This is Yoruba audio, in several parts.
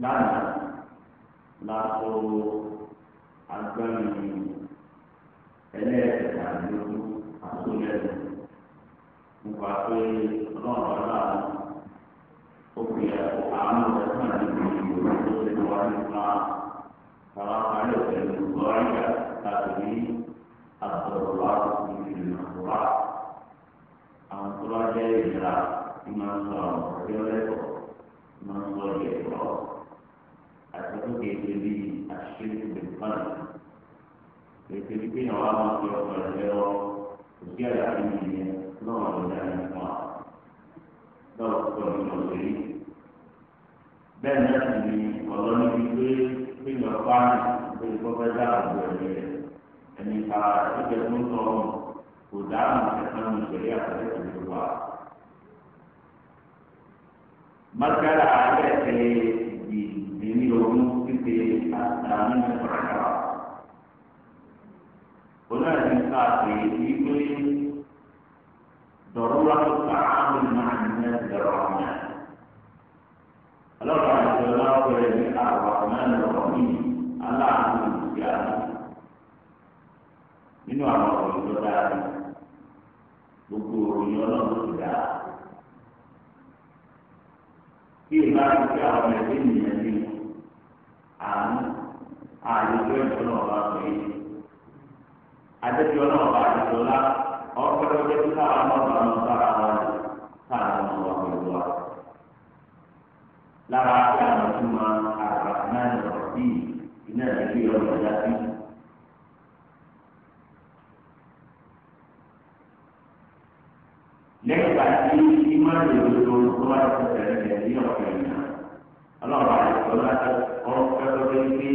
lánàá lásò agbẹ́rin ẹlẹ́ẹ̀kẹta lójú àtúnyẹ̀lú nípa pé ọlọ́run aláàánú ó fi àánú rẹ̀ kàn níbi tó ṣe wá nípa. فراغ عليه المضارع هذه الضرورات من المحظورات أن تراجع إلى إمام صار رجله إمام صار يقرأ أتوقع يجري الشرك بالقلب لكي يوم يوم يوم وزيادة علمية نوع من الأنواع دور كل من الغريب بين نفسه والله يقول pé yọ ọba pé ìfọwọ́ dá àbúrò ẹ̀mí rẹ̀ ẹ̀mí ká ẹgbẹ́ tó ń tọ́ ọ̀hún kò dáhùn ẹ̀ka ní ìṣẹ̀lẹ̀ àtẹ̀lẹ́ pẹ̀lú wa. mọ́tàlá ayé ìdìní ogún títí àtàwọn ẹ̀kọ́ rẹ̀ wá. onáàdì ń ká pé wípé dọ̀rọ̀ wá tó ká àwọn ìmọ̀ àti mẹ́tẹ̀ẹ̀rọ̀ ọ̀hún ọlọ́pàá àti ọlọ́pàá rẹ̀ ní àwọn ọ̀nà ọ̀rọ̀ yìí aláàánú ìgbà nínú àwọn ọ̀rọ̀ tó dáa ní gbogbo òròyìn ọlọ́run tó dáa. bí ìgbà tó fi àwọn ẹgbẹ́ ènìyàn ní àánú àyẹ̀wò ẹ̀jọ́ náà bá pè é. adébíọ́ náà bá ẹgbẹ́ tó káwọn ọmọ ọ̀gá ọ̀gá lára àti àwọn tó máa àràmánì ọ̀rọ̀ bíi iná ìdílé ọ̀rọ̀ ìyá sí. lẹ́yìn ìgbà tí ìmọ̀lẹ̀ òdodo tó wá ti tẹ̀lé ẹ̀ ní ọ̀pẹ̀ ìyá ọlọ́run àìsàn láti kọ́ pẹ́pẹ́ pé pé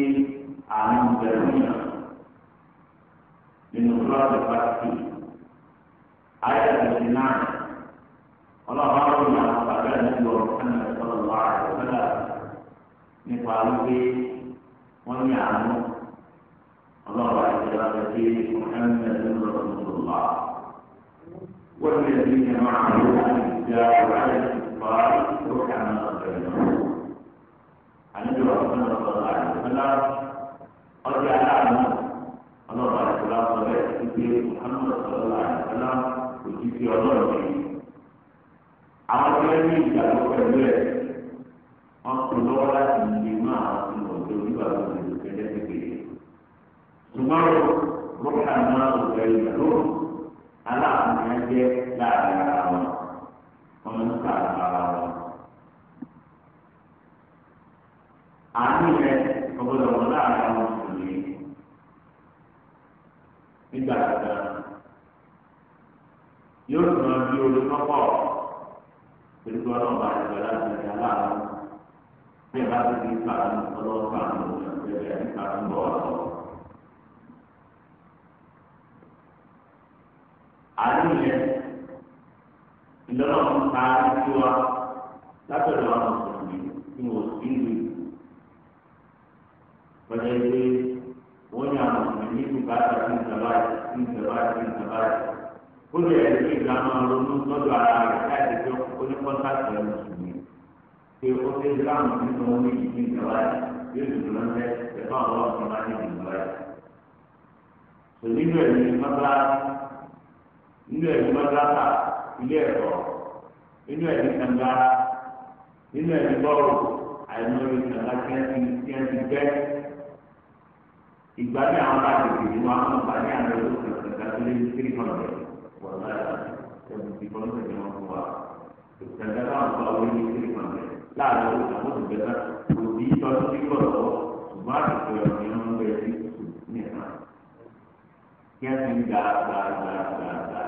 àwọn ìbẹ̀rù ìyá nínú fúláwọ̀ pàtàkì ayé àti ìsìn náà ìyá bàbá ìlú nípa wípé wọ́n ní àánú ọlọ́run àìsíra rẹ̀ pé ọ̀hánmẹ́ lọ́rọ̀ lọ́wọ́. wọ́n ní ẹ̀sìn ní ẹ̀rọ àwọn ìjà ọ̀rọ̀ àìsíkọ́ lókè àwọn ọ̀rẹ́ náà. àníjọ ọ̀sán lọ́sọ̀rọ̀ ìjọba ọjà aláàánú ọlọ́run àìsíra sọ bẹ́ẹ̀ sí pé ọ̀hánmẹ́ lọ́sọ̀rọ̀ àìsíkọ́lá òjì sí ọlọ́run yìí. àwọn tí wọ́n ní ìjà wọn kò lọ́wọ́ láti ṣe máa ń lọ sí onígbà tó ti lò kẹ́lẹ́ kékeré. ṣùgbọ́n rúkà náà ò fẹ́ ìyàló aláàfin jẹ́ láàrin ara wọn wọn ń ta ara wọn. àánú rẹ ọgbọdọ wọn láàrin àwọn òṣèlú nígbà tó yóò tún ọ bí olùkọ́kọ́ pẹ̀lú ọlọ́ọ̀bá ìgbàlá ìgbàlá àwọn bí ẹ bá ti di ìpàdánù ọlọ́pàá àti ìpàdánù ìpàdánù bọ̀ wá lọ. àánú yẹn ìlọ́nà ń ta sí wa látọ̀dọ̀ àwọn mùsùlùmí tí mo sì ń lò. Pẹ̀lú ẹgbẹ́ wọ́n ní àwọn mùsùlùmí ní bùkátà sí ìjọba sí ìjọba sí ìjọba yìí. Ó lè ẹ̀rí ìgbà máa ronú lọ́dọ̀ ara rẹ̀ láti fi oníkọ́ńtà sí ẹ̀ mùsùlùmí pé ó ti ń dáhùn nínú omi ìdí ìjọba yìí yóò dùn lọ́sẹ̀ ẹ̀fọ́ àwọn ọ̀sán máa ń dì ìjọba yìí. Sòdíbẹ̀ ni mọ́tà nínú ẹ̀mí mọ́tà ilé ẹ̀kọ́ nínú ẹ̀mí kànga nínú ẹ̀mí bọ́ọ̀lù àìmọye kànga kíẹ́ntì kíẹ́ntì bẹ́ ìgbà ní àwọn bá tètè wọn àwọn bá ní àwọn ẹ̀rọ kànga tó lé ní ti kọ́ ní tẹ̀lé náà ń bá wọlé ní tírí láàrin owó àwọn olùgbẹ́ta kò ní ìtọ́ piccolo su ṣùgbọ́n che non ọ̀hún ń bẹ̀rẹ̀ sí kùtù ní ẹ̀ka. kí á ti ń ga ga ga ga ga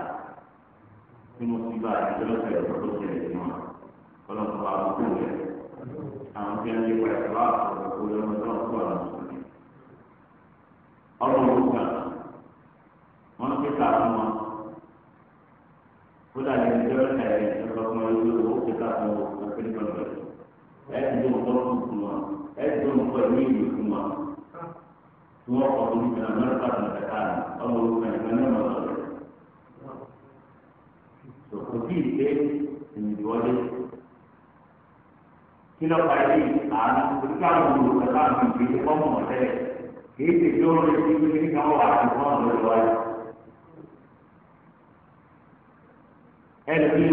tí mo ti bá àti lọ́sẹ̀ ọ̀rọ̀ tó ṣẹlẹ̀ pure wọn ọlọ́run bá wọn kú rẹ̀ àwọn tí wọ́n lé pa ẹ̀fọ́ àkọ́kọ́ kó lọ́wọ́ lọ́wọ́ kó àwọn sọ̀rọ̀ ọ̀rọ̀ òwò kan wọ́n ti ta fún wọn kó dàbí ẹni tí wọ́n ta ẹ̀rẹ́ ìṣẹ́kọ̀ọ́ fún wọn lórí owó ti ta ẹ̀ẹ́dùn ọ̀pọ̀lọpọ̀ fún wa ẹ̀ẹ́dùn ọ̀pọ̀lọpọ̀ ìlú fún wa tí wọ́n kọ́ ọdún ìgbà mẹ́rin pàtó nàkàtà ní ọmọ òkè ìgbà náà máa sọ̀rọ̀ sọ̀kò bí ìgbé ìnìjọ́lé kí ló pa ilé àánú oríkà àwọn olùkọ́ta àti ìgbé ọmọ ọ̀tẹ́lẹ̀ kìí ṣe tí ó ń retí pé kí káwọn wà á ti fún ọ̀rọ̀ ìwà yìí. ẹnì kí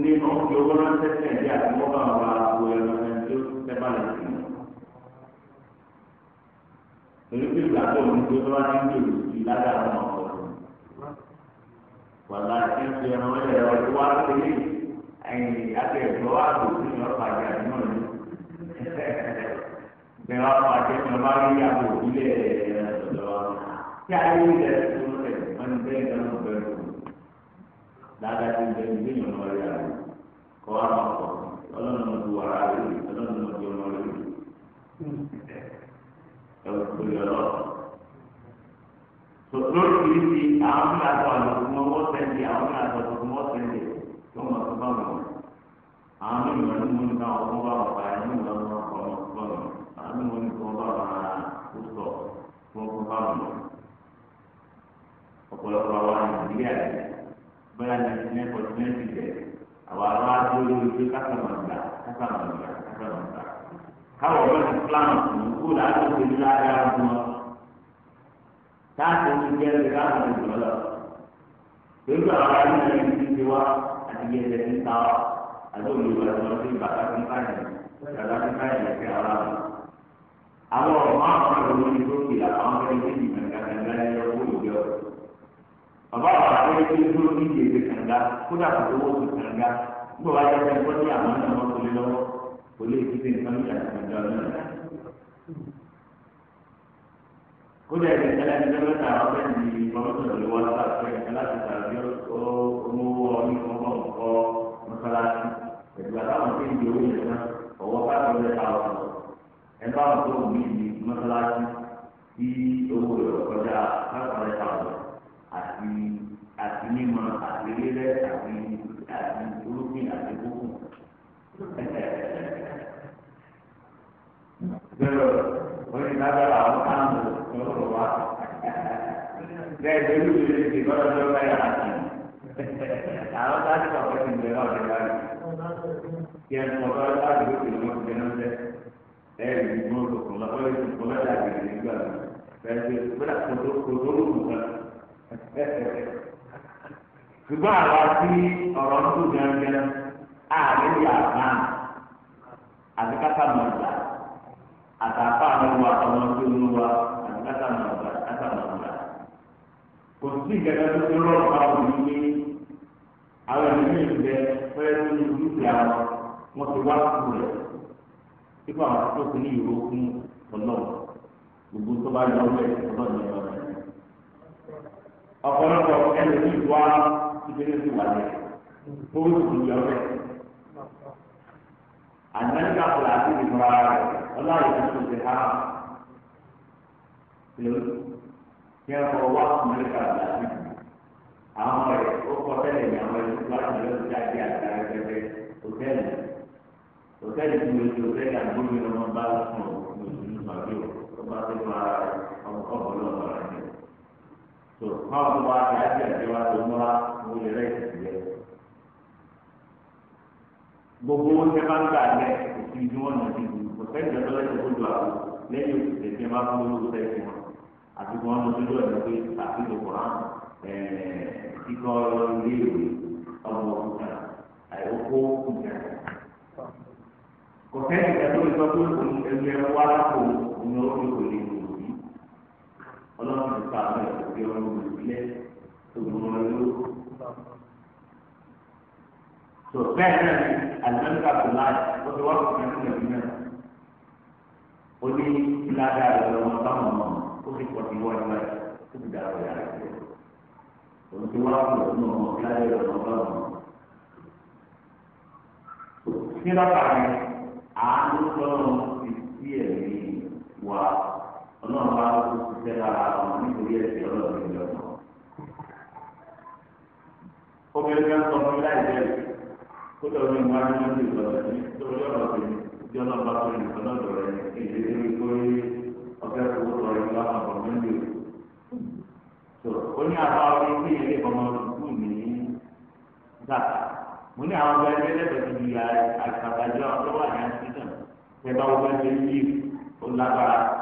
ni ọ̀pọ̀ ọgbọ́n náà tẹ̀sí ẹ̀dí àti mọ́bà wà á ẹ bá lè fi mọ. Èyí tí ìgbà tó ń gbé wá ní ìlú ìlàjà àwọn ọmọ ọ̀dọ́. Wàlá ti ń fi ẹran ẹ̀rọ ọdún wá sílé ẹ̀yìn àti ẹ̀gbọ́n wá lò sí ọ̀pá ìjà náà ní. Bẹ̀rẹ̀ wá fún àti ẹ̀gbọ́n bá rí àbò ìbílẹ̀ ẹ̀rọ ọ̀dọ́ wa. Kí ayé ilẹ̀ tó ń rẹ̀ wọ́n ti bẹ́ẹ̀ dáná bẹ́ẹ̀ lò. Dáadáa ti bẹ̀rẹ̀ ìgbéyàwó rẹ̀ àbò kọ́ wá máa pọ̀ sí ọlọ́run ló bu ara rẹ̀ rí ọlọ́run ló bu ọmọ rẹ̀ rí ẹ̀wọ̀n kò yọ lọ. lórí kìí ti àwọn bí àtọ̀ àlùkò mọ́ wọ́n sẹ́ndì àwọn bí àtọ̀ àlùkò mọ́ sẹ́ndì tó mọ̀ tó bá wọn. àwọn bí wọn ní mo ní ká wọn bá wọn pa ẹni wọn lọ kọ́ wọn tó bá wọn àwọn bí wọn ní kó wọn bá wọn ara kó sọ kó wọn bá wọn. ọ̀pọ̀lọpọ̀ àwọn Nàìjíríà bẹ́ẹ̀ ni ẹ̀kọ́ ti bẹ̀rẹ̀ àwọn ará adé olórí pé kásámàgbà kásámàgbà kásámàgbà káwọn ọmọ islam kò láti ṣe ní agbára fún ọ táàtì ní jẹ́rìí láti ṣe jùlọ lọ pẹ̀lú àwọn ará ilé ẹni tí ti wá àti ilé ẹni tí ta wá àti olùwà tí wọ́n ti ń bàtà fún káyọ̀ bàtà fún káyọ̀ ẹ̀kẹ́ ara àwọn ọmọ àwọn ọmọ ìlú tó àwọn ọmọ ìlú tó bàbá àgbà tó lé kí ló ní ìdèdè kànga kódà kò tó wọ́n ti kànga nígbà wàá yẹ kí wọ́n ní àwọn náà wọ́n kọ́lé lọ́wọ́ kò lè fi sèǹkà ní àtìkànga náà. kódà ìdè kẹlẹ́ ní bẹ́ẹ̀ mẹ́ta àwọn bẹ́ẹ̀ ni pọ́fẹ́sọ̀ lè wá sáfẹ́ aláṣẹ tàbí owó ọdún kan bọ̀ kọ́ mọ́sálásí ẹ̀dùn àtàwọn tó ń di owó yẹn náà ọwọ́ káàkiri ẹ̀ ẹ̀ bá wọn tó ń bí mọ́sálásí bí owó rẹ̀ kọjá káàkiri ẹ̀ àti àti mímọ àti rírẹ àti àti olókùn àti kókùn. Bẹ́ẹ̀ wọ́n ti dábàá àwọn káàmù lọ́rọ̀ wa. Bẹ́ẹ̀ bẹ́ẹ̀ ló lè ṣe lọ́dọ̀ tó bá yàrá sí. Àwọn káàmù kọ̀ọ̀kan ti bẹ̀rẹ̀ ọ̀rẹ́ wa rí. Kí ẹnu ọ̀gá láti ló tẹ̀lé wọn jẹ náà jẹ. Ẹ̀rì ìgbọ́n lọ́kùnrin lọ́kùnrin lọ́kùnrin lọ́kùnrin lọ́kùnrin lọ́kùnrin lọ́kùnrin lọ́kùnrin lọ́kùnrin lọ́kùnrin lọ́kùnrin ṣùgbọ́n àwa tí ọ̀rọ̀ ń tó gẹ́gẹ́ àárín yà náà àti káká mọ̀ ìgbà àtàkọ́ àwọn ọmọ ọmọ tó ń wá àti káká mọ̀ ìgbà káká mọ̀ ìgbà. kò sí tó ń ní àwọn ní ìgbẹ́ tó ní dúkìá wọn ti wá kú rẹ̀ ọ̀pọ̀lọpọ̀ ẹni tí ìwà ìbílẹ̀ ti wà lẹ̀ owó ti yọ ọ́ lẹ̀. àgbẹ̀ká kò láti rí mọ́ra rẹ̀ ọláyé tó ti ha lò kí ẹ kọ́ wá mẹ́ríkà láti àwọn rẹ̀ ó kọ́ tẹ́lẹ̀ ní àwọn ẹni tó láti lọ́ọ́ jáde àti àgbẹ̀rẹ̀ hòtẹ́ẹ̀lì hòtẹ́ẹ̀lì tí mo ti hòtẹ́ẹ̀lì àgbóyè ọmọ bá lọ́sùn òṣèlú màbí ọba tó máa ọmọ ọ̀bọ̀lọ́ọ̀bọ̀ rẹ̀ tó káwọn tó wá kí á jẹ́ ìjọba tó múra mo lè rẹ́ ìsìlẹ̀ gbogbo wọn tẹ bá ń gbà lẹ òsì ní wọn nà bí kò sẹ́yìn tó lọ́wọ́ tó gbọdọ̀ àwọn lẹ́yìn òsì tẹ̀ tẹ́ bá fún olówó sẹ́yìn wọn àti wọn lọ sí lọ́ọ̀dọ̀ pé àfihàn kọ̀ọ̀án kíkọ́ ilé ìwé ọmọ òkúta àìkókó òkúta. kò sẹ́yìn tó lọ́wọ́ tó gbọdọ̀ ẹgbẹ́ wa lápò ní orí òkúta ọlọ́run ti pa àwọn ẹ̀kọ́ bí ọmọ olùdílé ògùn ọlọ́run. tó bẹ́ẹ̀ náà ni alimẹ́ríkà tó láì ó ti wá fún ẹni ìlú náà ó ní ìlàdà rẹ̀ lọ́wọ́ báwọn ọmọ ó ti pọ̀ sí wọ́n ìwà tó ti dàrú ìyá rẹ̀ jẹ́ òun ti wá fún ọdún ọmọ ìlàdà rẹ̀ lọ́wọ́ báwọn ọmọ. nílọ́kà rẹ̀ àánú lọ́rùn ọlọ́run bá tó ti tẹ́ lára wọn nítorí ẹ̀sìn ọlọ́run ìlú ọ̀nà. obìnrin kan sọ fún mi láì bẹ́ẹ̀ kó lọ ní ìwà ní ọdún ìlọ́dọ̀ ní torí ọ̀rọ̀ tó ní tí ọlọ́run bá tó ní ìfọlọ́dọ̀ rẹ̀ èdè lórí kórè ọ̀fẹ́ kó tọ̀ ìlú àpapọ̀ mẹ́lẹ̀ o. ó ní àbá orí sí ilé ọmọ ìlú ní gàtà mo ní àwọn ọmọ ẹgbẹ́ lẹ́tọ̀ọ́ ti di àgbàjọ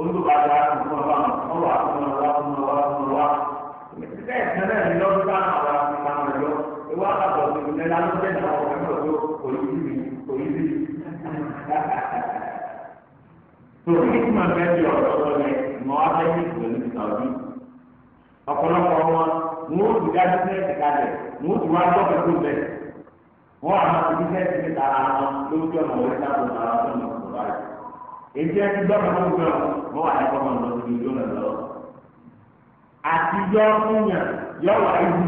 olùkàdà àtúntò wa ọwọ́ àtúntò wa àtúntò wa àtúntò wa bẹ́ẹ̀ tẹ́lẹ̀ ní lọ́dún táwọn àwọn àtúntò wa lọ ewu àtàbọ̀ tó ní ẹ̀la ló bẹ́ẹ̀ náà ọ̀rọ̀ ẹ̀rọ tó òyìnbí mi òyìnbí mi. tòun ní kúmọ̀ bẹ́ẹ̀ di ọ̀rọ̀ tó lẹ mọ́ abẹ́yẹ ìgbẹ́ni ìtàwí ọ̀pọ̀lọpọ̀ wọn wọn ò ti dájú sí ẹ̀sìn kalẹ̀ wọn ò ti wá lọ́kọ̀ tó bẹ̀ wọ́n àwọn ti fi sẹ́ẹ̀sì níta ara wọn lójú ọ̀nà òwe sábà ọ̀nà ọ̀nà ọ̀nà èdè ẹni gbọ́dọ̀ tó gbọ́ mọ́ wà ní kọ́mọ̀ lọ sí ìlú náà lọ. àtijọ́ fúnyàn yọ wà ibi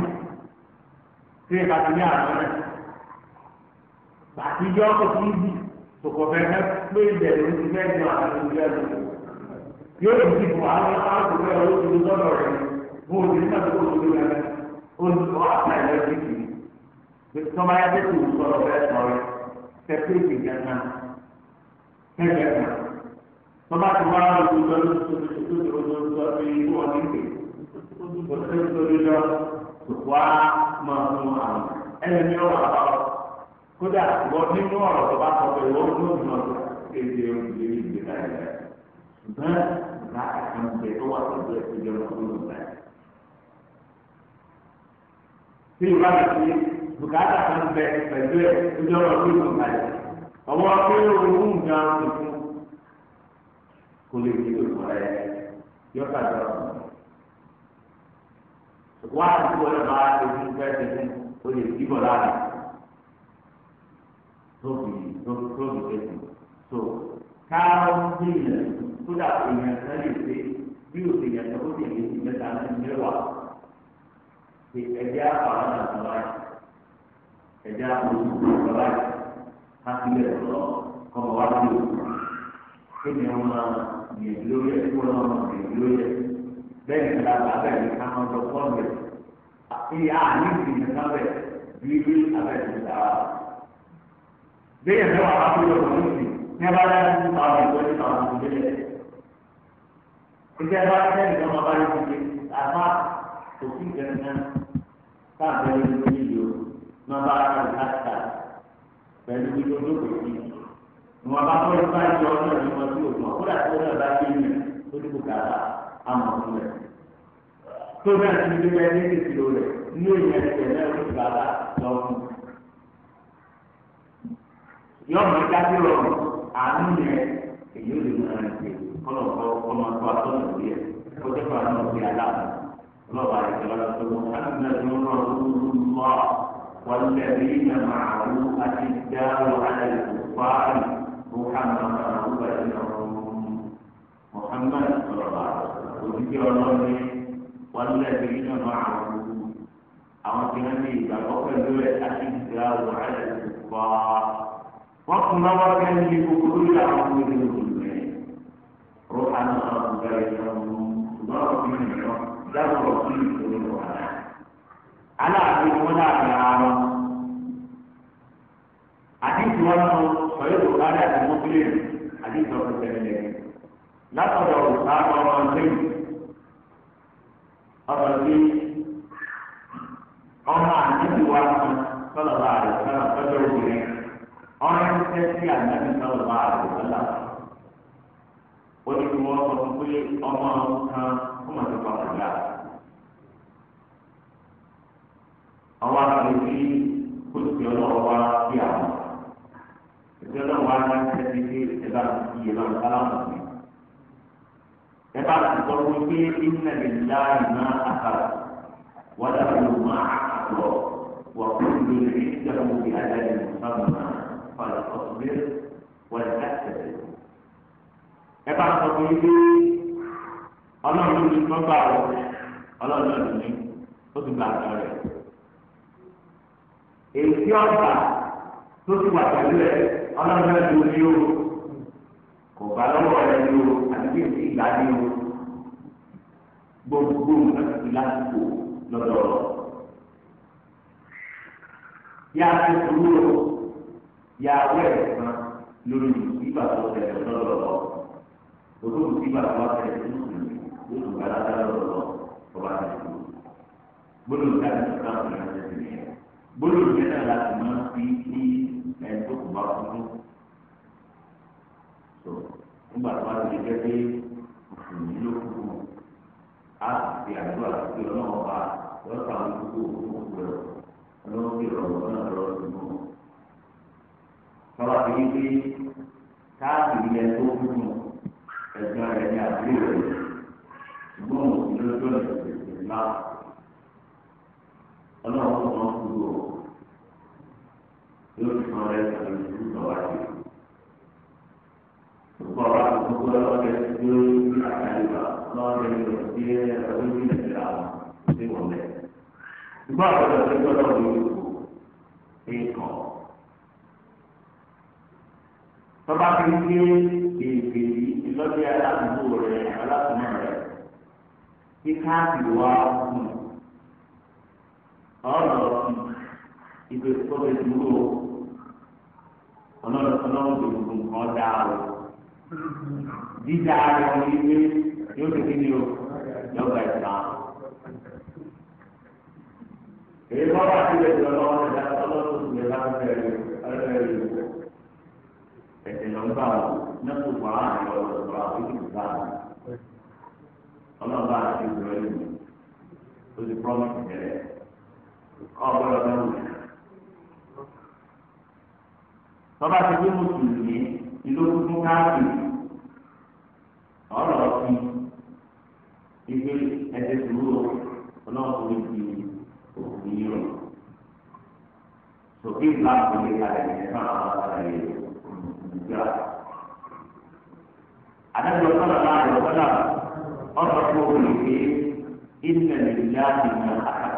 tí ìka ti ní àná rẹ̀. àtijọ́ kò sí ibi tòkò fẹ́fẹ́ pé ìbẹ̀rù ti fẹ́ jọ àwọn ìlú ẹ̀rọ. yóò ti di bò àwọn alákòókò ẹ̀rọ tó ti lọ́dọ̀ rẹ̀ fún òní nígbà tó kò tó lẹ́nu olùkọ́ àtà ẹ̀rọ ti kì í. tọ́ba yá tẹ́tù sọ̀rọ̀ bẹ́ẹ̀ sọ̀rọ̀ tẹ́tù ìgbìyànjú náà tẹ́tù ẹ̀ka. Bàbá ti wá lójúgbà lójúgbà lójúgbà lójúgbà pé ikú ọdún ìgbè. Kò sí nítorí lọ, wá máa mú àwọn ẹni ní ọ̀rọ̀ àbáwọ̀. Kódà wọ́n nínú ọ̀rọ̀ tó bá sọ pé wọ́n ní òun náà kéde olùdíje ìgbè láìláì. Ṣùgbọ́n ìgbà àkànṣe tó wà lójú ẹ̀ ti jẹun fún òun láì. Tí ìwà rẹ̀ ti bùkátà kan bẹ pẹ̀lú ẹ̀ tó jẹ́ ọ̀rọ̀ fún òun láì. Ọmọ akéwòn ń gbà òun fún kó lè ní ìlú rẹ yóò kàdé ọ̀rọ̀ wá àdúgbò rẹ máa tẹ̀sí fẹ́ tẹ̀sí o lè dìbò láàrin tóbi tóbi tẹ̀sí tó káwọn bí ilẹ̀ kódà èèyàn kan lè ṣe bí òkè yẹn tó ti lè ṣe mẹ́ta ní mẹ́wàá ṣe ẹ̀jẹ̀ àpàrọ̀ náà tó láì ẹ̀jẹ̀ àpòjù tó láì ká sílẹ̀ lọ kọ́ wá sí òkú kí ni máa gbèsè lórí ẹ̀ kó náà mọ̀ gbèsè lórí ẹ̀ bẹ́ẹ̀ ni lára abẹ́rẹ́ ká máa lọ fọ́ọ̀n rẹ̀ ìyá àní ìgbìmọ̀ sábẹ̀ bíbí abẹ́rẹ́ ti dára. Béèyàn mẹ́wàá bá kúrò lọ́wọ́ ní ìsìn ní ẹ bá dá ní àwọn ìgbọ́ ní àwọn ìgbélé. Ìjẹ́ bá tẹ́ nìkan máa bá yẹ kó ṣe àmá òfin kẹ̀kẹ́ káàbẹ̀rẹ̀ lórí ìwọ̀n bá tó ń bá jọ ọ́ náà ní wọn tí òògùn ọ̀kúrà tó náà bá dé ìyẹn tó dúkù kàrà àmọ̀ fún rẹ̀. tó náà ti ní bẹ́ẹ̀ ní ìṣèṣirò rẹ̀ ní èèyàn ẹ̀jẹ̀ náà ló ti bàbá lọ fún. yọ̀ọ̀mọ̀ dájú rọrùn àánú yẹn èyí ò lè mọ ara ṣe kọ́nà kọ́ ọmọ tó atọ́nà sí ẹ̀ kó tó fà náà sí aláàbò ọlọ́wà ìjọba tó lọ́wọ́ Muhammad Abu Bakar Muhammad Sallallahu Òjijì ọlọ́ni wọn lẹ́bi iná máa àwọn àwọn tí wọ́n ní ìgbàgbọ́ pẹ̀lú ẹ̀ láti gba wàhálà ìfúnpá. Wọ́n kún lọ́wọ́ bẹ́ẹ̀ ní kúkúrú ní àwọn wọn náà pẹ̀lú bùkárì àti mọ́bílẹ̀ àti ìjọba ìṣẹ̀lẹ̀ látọ̀dọ̀ bùkárì ọmọ ọ̀sẹ̀ ọ̀rọ̀ sí ọmọ àdébí wa kan sọ̀rọ̀ bá rẹ̀ sọ̀rọ̀ tọ́jú obìnrin ọ̀rọ̀ ṣiṣẹ́ sí àdébí sọ̀rọ̀ bá rẹ̀ sọ̀rọ̀ sọ pé ọmọ kan ìjọ náà wà á ṣe ṣe ṣe bá iye náà sálámù mi. ẹ bá ti sọ fún pé iná lè dá iná àkàrà wọ́n dà bí wọ́n máa àkàrọ̀ wọ́n kú lórí ní ìjọba bí ajáde mùsàlùmá fàlẹ́ ọ̀sùnmí wọ́n lè dá ìṣẹ̀lẹ̀. ẹ bá sọ fún pé ọlọ́run ní gbọ́gbà rẹ̀ ọlọ́run ní ó ti gbà àgbà rẹ̀. èyí ọ̀gbà tó ti wà pẹ̀lú ẹ̀ ọlọ́run náà tó ní o kò bá lọ́wọ́ rẹ ní o àti bí èsì ìgbà ní o gbogbo nǹkan ti lásìkò lọ́dọ̀ ọ̀rọ̀. Yá ti kúrò yá wẹ̀ kan lórí ìgbà tó tẹ̀lé lọ́dọ̀ ọ̀rọ̀. Olóòwò ìgbà tó wá tẹ̀lé tó sùn yóò tó gbàdá dá lọ́dọ̀ ọ̀rọ̀ tó bá tẹ̀lé tó. Gbọ́dọ̀ ní káàdì tó ká ọ̀rọ̀ ẹ̀ tẹ̀lé yẹn. Gbọ́dọ̀ ní ẹ̀dá láti máa ń fi ní ẹni tó kù bá fún nígbà tó bá ti jẹ́ ló kú á ti àdúrà sí ọlọ́run bá lọ́sà ń kú òkú rẹ̀ ọlọ́run sì rọrùn lọ́nà lọ́wọ́ sí mú. Tọ́lá ti pé káàdì ilẹ̀ tó kú ẹ̀gbọ́n rẹ̀ ní àdúrà rẹ̀ ṣùgbọ́n mùsùlùmí ló tó lè náà ọlọ́run tó kàn kú o yóò fi kàn rẹ̀ ṣàlùfù lọ́wọ́ àti ìlú. القرآن تقول لك يسجد الكلمة الله يسجد ويسجد الكلام في والله بعض الذين يقولون إيقاع tọ́ba fi ń gbé èdè yìí lọ́dẹ aládùúgbò rẹ̀ alákùnrin rẹ̀ kí káàkiri wá fún ọ̀rọ̀ ìgbésí tó bẹ dúró ọlọ́run tó ń gbé dáa o dídá rẹ̀ wọlé yóò ti kíni o yọgbà ìgbà. èyí kọ́ bá tilẹ̀ jọ lọ́wọ́ ẹ̀dá ọlọ́run tó lè bá bẹ̀rẹ̀ ẹ̀rẹ́ ìlú. ẹ̀sẹ̀ lọ ń bá wọn nẹ́kù bá àyọ̀ ọ̀rọ̀ àwọn ìlú bá wọn. ọlọ́ba àti ìlú ẹ̀lú mi ó ti promise bẹ̀rẹ̀ ọgbọ́dọ̀ mẹ́wù. tọ́ba ti bí mùsùlùmí ìlókùnkùn káàkì ọ̀rọ̀ ọ̀sìn ìgbé ẹsẹ̀ sùúrù ọlọ́ọ̀kùnrin ti òkùnkùn yìí rọ̀ sókè ìlà àkọlé kalẹ̀ nípa àwọn àlàyé olùkùnjà. Adájọ́ sọ̀rọ̀ náà lọ sọ́dà ọ̀sọ̀ fún olùgbé ilẹ̀ nígbà ìgbà àkà.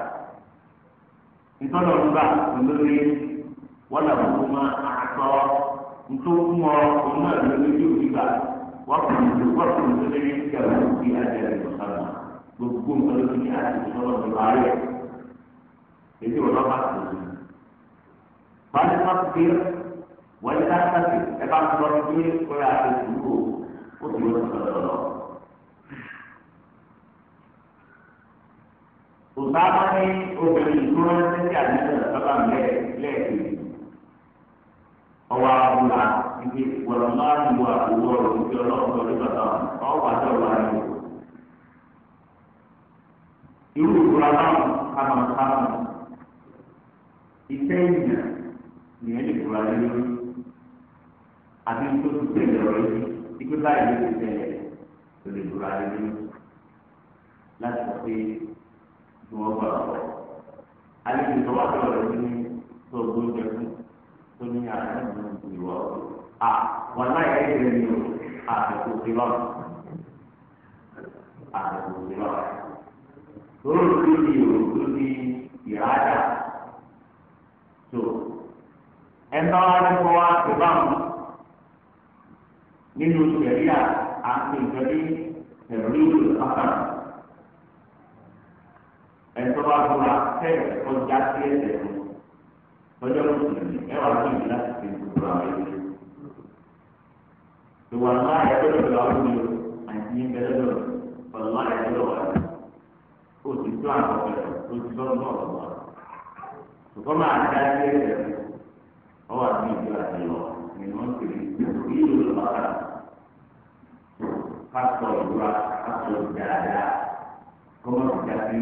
Ìtọ́lọ̀ nígbà olórí wọ́n làwọn ọmọ àtọ́ ntó mọ́ ọ̀nà ìlú ìgbà wọ́pọ̀ wọ́pọ̀ lórí ìjọba bí ajẹ́rì lọ́sọ̀nà gbogbo nǹkan ló ti ní àti sọ́dọ̀ ní báyẹ̀ ètò ọlọ́pàá tó ti. báyìí ká ti gbé wọ́n yẹ ká ká ti ẹ bá sọ ní bí ó yà á ti kú kó ó ti lọ sọ̀rọ̀ lọ. òtá bá ní obìnrin tó rán sẹ́ńtì àdéhùn sábà lẹ́ẹ̀kejì. ọwọ́ àbúrò ibi wọ̀lọ́ máa ń lo àbúrò ìdí ọlọ́run lórí bàbá ọwọ́ àti ọwọ́ àyè. irú ìfura náà kàmọ̀ kàmọ̀ iṣẹ́ ìyàn ní ẹni ìfura lórí àti tó ti tẹ̀lé ọ̀rọ̀ yìí ikú báyìí ló ti tẹ̀lé tó lè ìfura lórí láti sọ pé ìwọ́n gbà ọ̀ àlejò tó yìí tó gbóúnjẹ fún tó ní àná ìwọ à wọn náà yẹ kí ni o àtẹkù ti lọ àtẹkù ti lọ lórí tó di ìrò tó di ìrájà tó ẹ bá wá ní kó wá tó bá mu nínú ìṣẹ̀lẹ̀ àti ìṣẹ̀lẹ̀ ẹ̀rọ ìlú ọ̀sán ẹ̀tọ́ bá gbọ́ra fẹ́ẹ̀ kọjá sí ẹ̀sẹ̀ tó ọjọ́ mùsùlùmí ẹwà tó yìí láti fi gbogbo àwọn ẹgbẹ́ yìí. ìwà ńlá ẹgbẹ́ lọ́dọ̀ àwọn ọmọ yòó àti ẹgbẹ́ lọ́dọ̀ ọ̀lá ẹgbẹ́ lọ́wọ́ rẹ̀ ó ti tó àwọn ọ̀rẹ́ ó ti lọ́ náà lọ́wọ́ rẹ̀. ṣùgbọ́n máa dá sí ẹ̀rẹ̀ rẹ̀ ọwọ́ àti ìjọ àtẹ̀yọ̀ ni wọ́n ti rí ìlú lọ́wọ́ pásítọ̀ ìwúra pásítọ̀ dáadáa kọ́mọ̀tì dá sí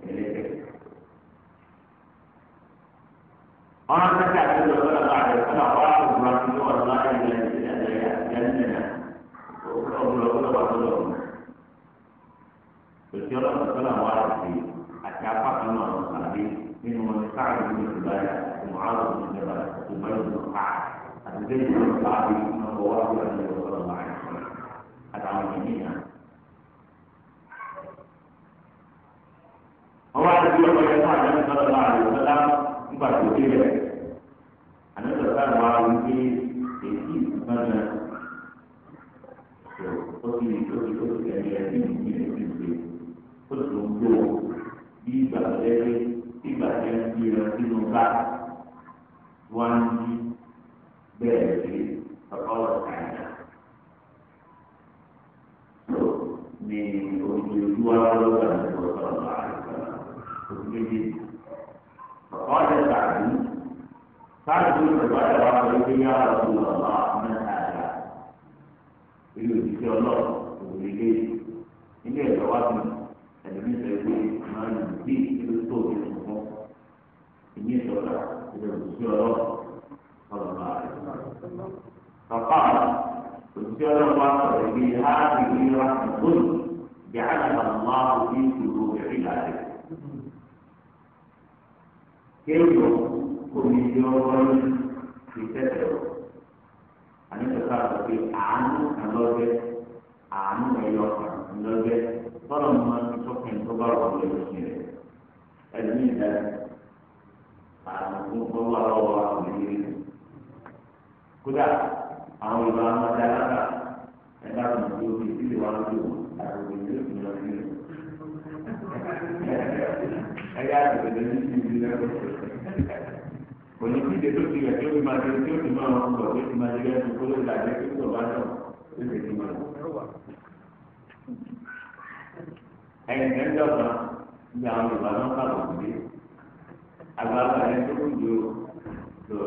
pé أنا أتكلم عن الولاء بعد أنا أعرف ما هو الولاء لأننا أقول أقول أقول Bersyukur Allah warahmatullahi Ada apa kamu orang tadi Minum Sa'ad bin Jubair Mu'adh bin Jubair Jubair bin Sa'ad Ada jadi orang tadi Membawa Rasulullah Sallallahu Alaihi Wasallam Ada orang ini ya nígbà tó délẹ̀ ànájọ táwọn ará wí pé èyí ìgbàgbà ó ti ó ti ó ti tẹ̀lé ẹbí ìdí ẹbí ìgbé ó sì ń gbó bí ìgbà tẹ́lẹ̀ ìgbà tẹ́lẹ̀ ń gbé sínú bá wọn ń yí bẹ́ẹ̀ sí ọ̀pọ̀lọpọ̀ àyà. ni ojú ojú wa lọ́gbà ní ọ̀sán ọ̀la àìsàn òkú méjèèjì. sáájú ìgbàlódé wa pẹ̀lú pé yá ọ̀rọ̀ ọ̀la mẹ́ta ẹ̀yà ilé òṣìṣẹ́ ọlọ́run òwúrẹ́ ilé ilé ẹ̀rọ wa bí ẹ̀dùnmí sọ pé máa lù bí ìlú tó ti sùn fún ìní ìṣọ̀lá ilé òṣìṣẹ́ ọlọ́run ọ̀rọ̀ máa rẹ̀. bàbá òṣìṣẹ́ ọlọ́run wa sọ̀rọ̀ pé á ti rí ra ìgbóni bí a lè máa máa wọ bí ìṣòro ẹ̀rí làárẹ̀. kéwòn omi ilé ọwọ́ yìí fi tẹ̀sẹ̀ o. àníkàkà sọ pé àánú kan lọ́jẹ́ àánú ẹ̀yọ kan lọ́jẹ́ tọ́lọ̀ mọ́ ìtọ́kùn tó bá rọ̀ lórí òsì rẹ̀. ẹ̀mí ìdá àánú tó wà lọ́wọ́ àwọn ìrírí. kódà àwọn ìlú amadé alága ẹ̀dá kan tó fi ìdílé wa lójú àti òbí tó fi lọ sí i. ẹ̀yà àti òbí tó fi lọ sí i òní tí ìdè tó ti rẹ̀ tó fi máa ṣe tí ó ti máa wọn bọ̀ tó ti máa ṣe lẹ́nu kó ló dàgbé tó tó bá tọ̀ tó ti ti máa. ẹ̀yìn tẹ́ ń dọ̀gba ní àwọn ìgbà náà kàwé òkúté àgbàlagbà yẹn tó kù jù lọ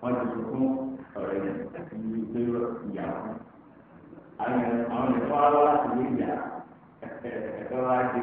wọ́n ti fi fún ọ̀rẹ́ yẹn àti ilé tó yà àwọn ẹ̀fọ́ láti lè yà ẹ̀fọ́ wá dé.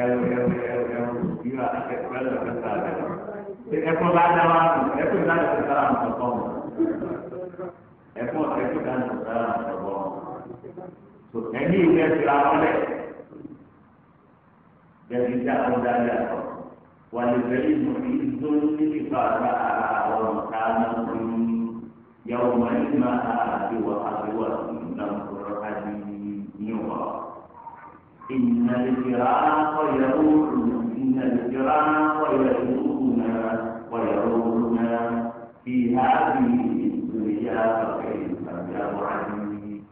ẹrù ẹrù ẹrù ẹrù yìí wà ẹgbẹ́ lọ́sẹ̀ sára rẹ̀ ẹ̀kọ́ bá dá wa ẹ̀kọ́ bá dá sára àwọn ọ̀tọ̀ mọ̀ ẹ̀kọ́ ẹ̀kọ́ bá dá sára àwọn ọ̀tọ̀ mọ̀ ẹ̀mí ìwé ẹ̀sìn àwọn lẹ̀ bẹ́ẹ̀ni tí a kọ́ dá yà sọ wà lè bẹ́ẹ̀ mú kí tó ní ìfà bá àwọn ọ̀tá náà fún yàwó máa ń má àbíwá àbíwá náà إن الفراق يروحنا إن الفراق يروحنا ويروحنا في هذه الدنيا فكيف يرعني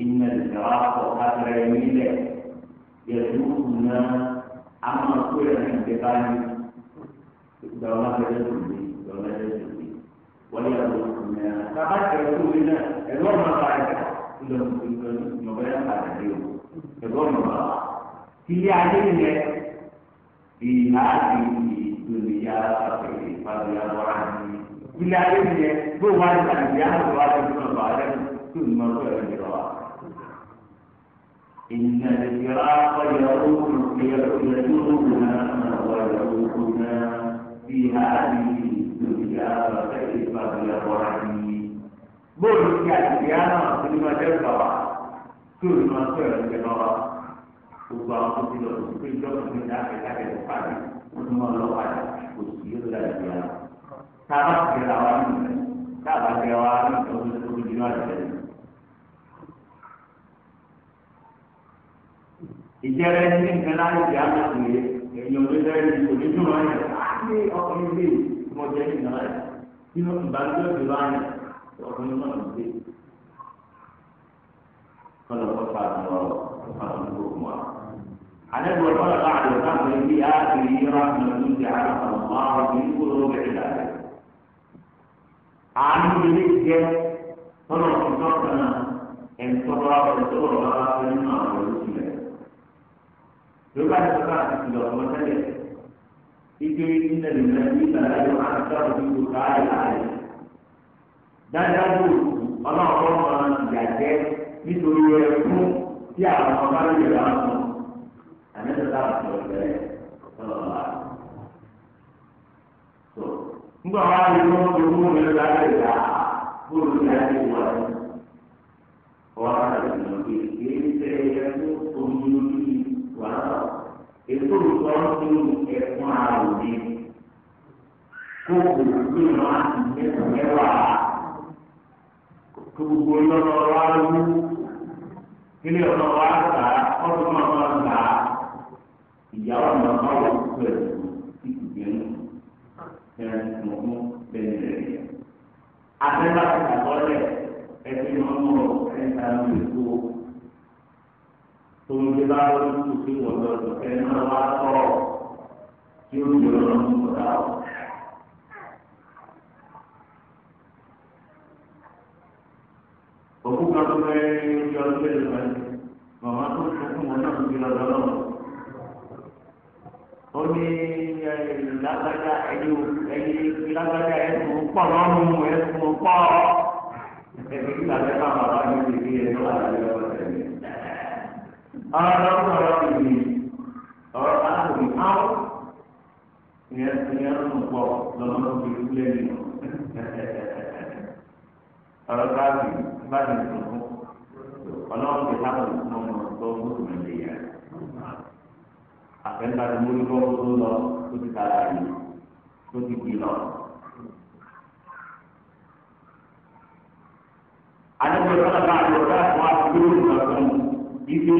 إن الفراق قد رميل يروحنا أما كل الانتقام دولة الدنيا دولة الدنيا ويروحنا فقد يكون لنا الوضع بعد إذا مبين بعد اليوم الغمرة هي علينا في هذه الدنيا فضل عني إلى علينا هو الأنبياء وعلى المبارك ثم الغمرة إن الفراق يروح يدورنا ويروحنا في هذه الدنيا فكيف يرحمني بول يعني أنا في المجال طبعا kí òun máa tó ẹ̀rọ ìjẹba wa gbogbo àwọn tó ti lọ sí pé ìjọba mi ní àgbẹ̀dágbẹ̀ ló pàdé wọ́n ti máa lọ pàdé kò sí yóò tó dàbí ara tá a bá ti ra wa nínú rẹ̀ tá a bá ti ra wa nínú rẹ̀ ó ti tó di náà rẹ̀. ìjẹ́rẹ́ ní nǹkan láti fi àmọ́ sí i èèyàn ló dẹ́rẹ́ ní kò ní dùn ọ́yẹ̀ láti ọkùnrin lè mọ jẹ́ nǹkan láti nínú ìbánidọ́ọ̀dù láàyè ọkùnrin náà ló dé kọlọ kọ fa ni ọ fa ni ko kuma ale bọ kọlọ ka a lọ ka fẹ bi a kiri yọrọ mi ni ti a lọ ka ma ọ bi ko lọ bẹ ti la dẹ a ni bẹ ti kẹ kọlọ ti tọ kana ẹntọba ẹntọba fẹ ni ma ọ yẹ ti lẹ yẹ kọ ka ti lọ kọ tẹ dẹ ike nílẹ̀ nílẹ̀ nígbà láyé wọn á sọ̀rọ̀ bí káyà láàyè dáadáa bò ọlọ́ọ̀kọ́ máa ń nítorí rẹ̀ fún tí àwọn ọba lè rà fún àmẹ́tẹ̀ẹ̀ta àti ọ̀rẹ́ ọlọ́lá. nígbà wàá rí wọn tó mú mi lọ láti rà bóòlù ní àti wà ní ọ̀rá rẹ̀ lọ pé èyí tẹ̀ ẹ̀ fún omi orí wàhálà ètò ìtọ́jú ẹ̀fún àrùn ni kó o gbé wọn àti mẹ́wàá gbogbo lọ́wọ́ wá lọ́wọ́ kílé ọ̀nà wa gbà á máa ma gbà ìyàwó máa ma wò kú ẹ̀ ẹ̀rọ mọ̀ mú bẹ́ẹ̀ rẹ̀ yẹ. Abẹ́lá ti dàgbọ́lẹ̀ ẹtí máa ń mọ̀ ẹ̀ta ní èkó tó ń gbé bá lórí kù sí wọ̀lọ́dọ̀ ẹ̀ máa wá tọ̀ tí ó yọ ọ́ lọ́dọ̀ ọ̀dà ọ̀. òkú kan tó fẹ́ yọ ọdún mélòó kan màmá tó fún wọn náà ti lọ lọ́nà ó ní lágbájá ẹni ẹni lágbájá ẹkùn pọ̀ lọ́rùn ẹkùn pọ̀ ẹni tí lágbájá máa bàbá mi ti fi ẹjọ́ àgbàdo ọ̀rọ̀ tẹ̀lé. ọ̀rọ̀ ọ̀rọ̀ ìlú ọ̀rọ̀ àgbègbè áwọ̀ ìyẹn ìyẹn ń pọ̀ lọ́nà tó fi kú lẹ́yìn ọ̀rọ̀ káàkiri. bá lè dùn ọlọ́run ti sábà lè fún ọmọ gbọ́dọ̀ lè yẹ. àfẹ́ńtà ti mú lọ́wọ́ tó lọ tó ti tara yìí tó ti gbin lọ. àdébò sọ́nà bá àdébò sọ́nà fún akúrò ìgbàgbọ́n ibi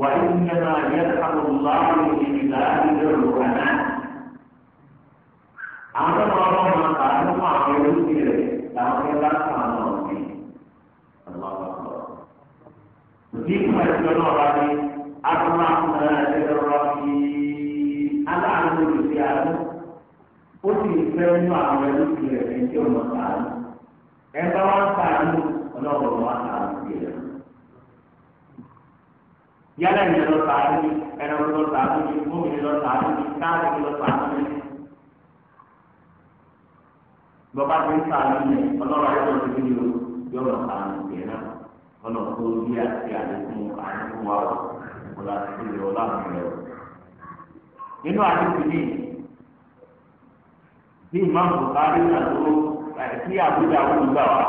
wà ìnana yẹ́sàkó láàrú ìgbà ìdẹ̀rù àná. àwọn tó máa ń bá wọn kà á ló fún àwọn ẹrú sí rẹ̀ làwọn ẹgbẹ́ bá kà á hikma ìjọba ọba ni arúgbó ẹ̀rọ fi aláàánú ìdí àánú ó sì fẹ́ nínú àwọn ẹlú ti rẹ̀ ní tí ọmọ sàánú ẹ bá wá sàánú ọlọ́run wá sàánú sí ẹ̀ yálà ìyẹn lọ sàánú ni ẹran lọ sàánú ni mọ́mìnì lọ sàánú ni káàdì lọ sàánú ni bọ́bá ti ń sàánú ni ọlọ́run ayé lọ sí nílò yọ̀ọ̀ sàánú sí ẹ̀ ọ̀nà tó bí àti àlékún àlékún wa o ọ̀là tó lè ọ̀là rẹ̀ o. nínú àdéhùn yìí bí ìmáàmù Buhari náà tó àìsí àbújá wọ́n gbà wá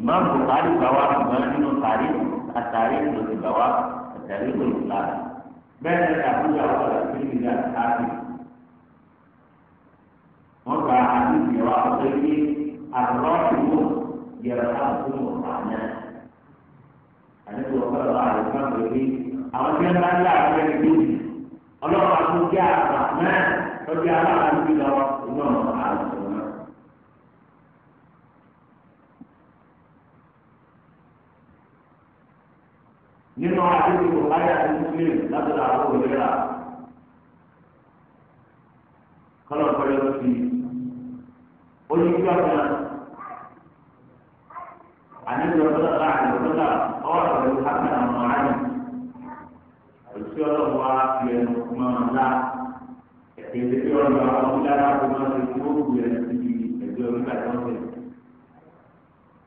ìmáàmù Buhari gbà wá ṣùgbọ́n nínú tàrí àtàrí ló ti gbà wá àtàrí ló ti gbà bẹ́ẹ̀ ni àbújá wọ́n lọ sí ìlú àti wọ́n gba àdéhùn yẹn wá pé ní àrùn يرحمكم الرحمن أنا أقول الله عليه وسلم أو كان الله على الدين الله عز وجل الرحمن فجعل على الدين الله سبحانه وتعالى nínú àdéhùn ayé àti muslim látọ̀dọ̀ àwọn òmìnira kọlọ̀ pẹ̀lú ti onígbàgbọ́n عن ابن رضاك عن ابن رضاك قال ابن حتى أما عن الله في المقمى من الله يحيي ذكر الله رب الله رب ما في الحبوب في الجوء من بعد نوته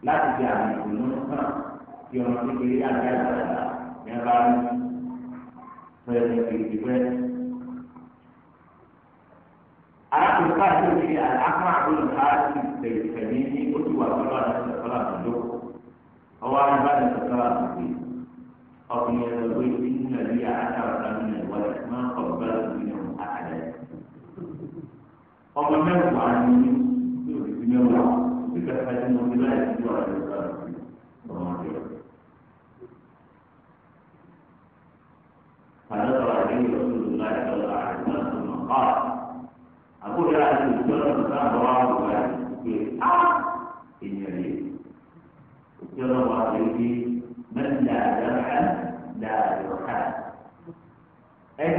لا تجي عن ابن رضاك في المقمى في الجوء من بعد نوته يا رب إيه؟ في الجوء أراد القاتل في الأقمع كل هذه في الكنيسة قلت وأقول هذا الكلام مندوب هو أنا بعد الفكرة أقول يا ذوي إن لي عشرة من الولد ما قبلت منهم أحدا أقول ما هو عني من الله بكفة المبلغ في الولد فنظر عليه رسول الله صلى الله عليه وسلم قال أقول يا أهل الجنة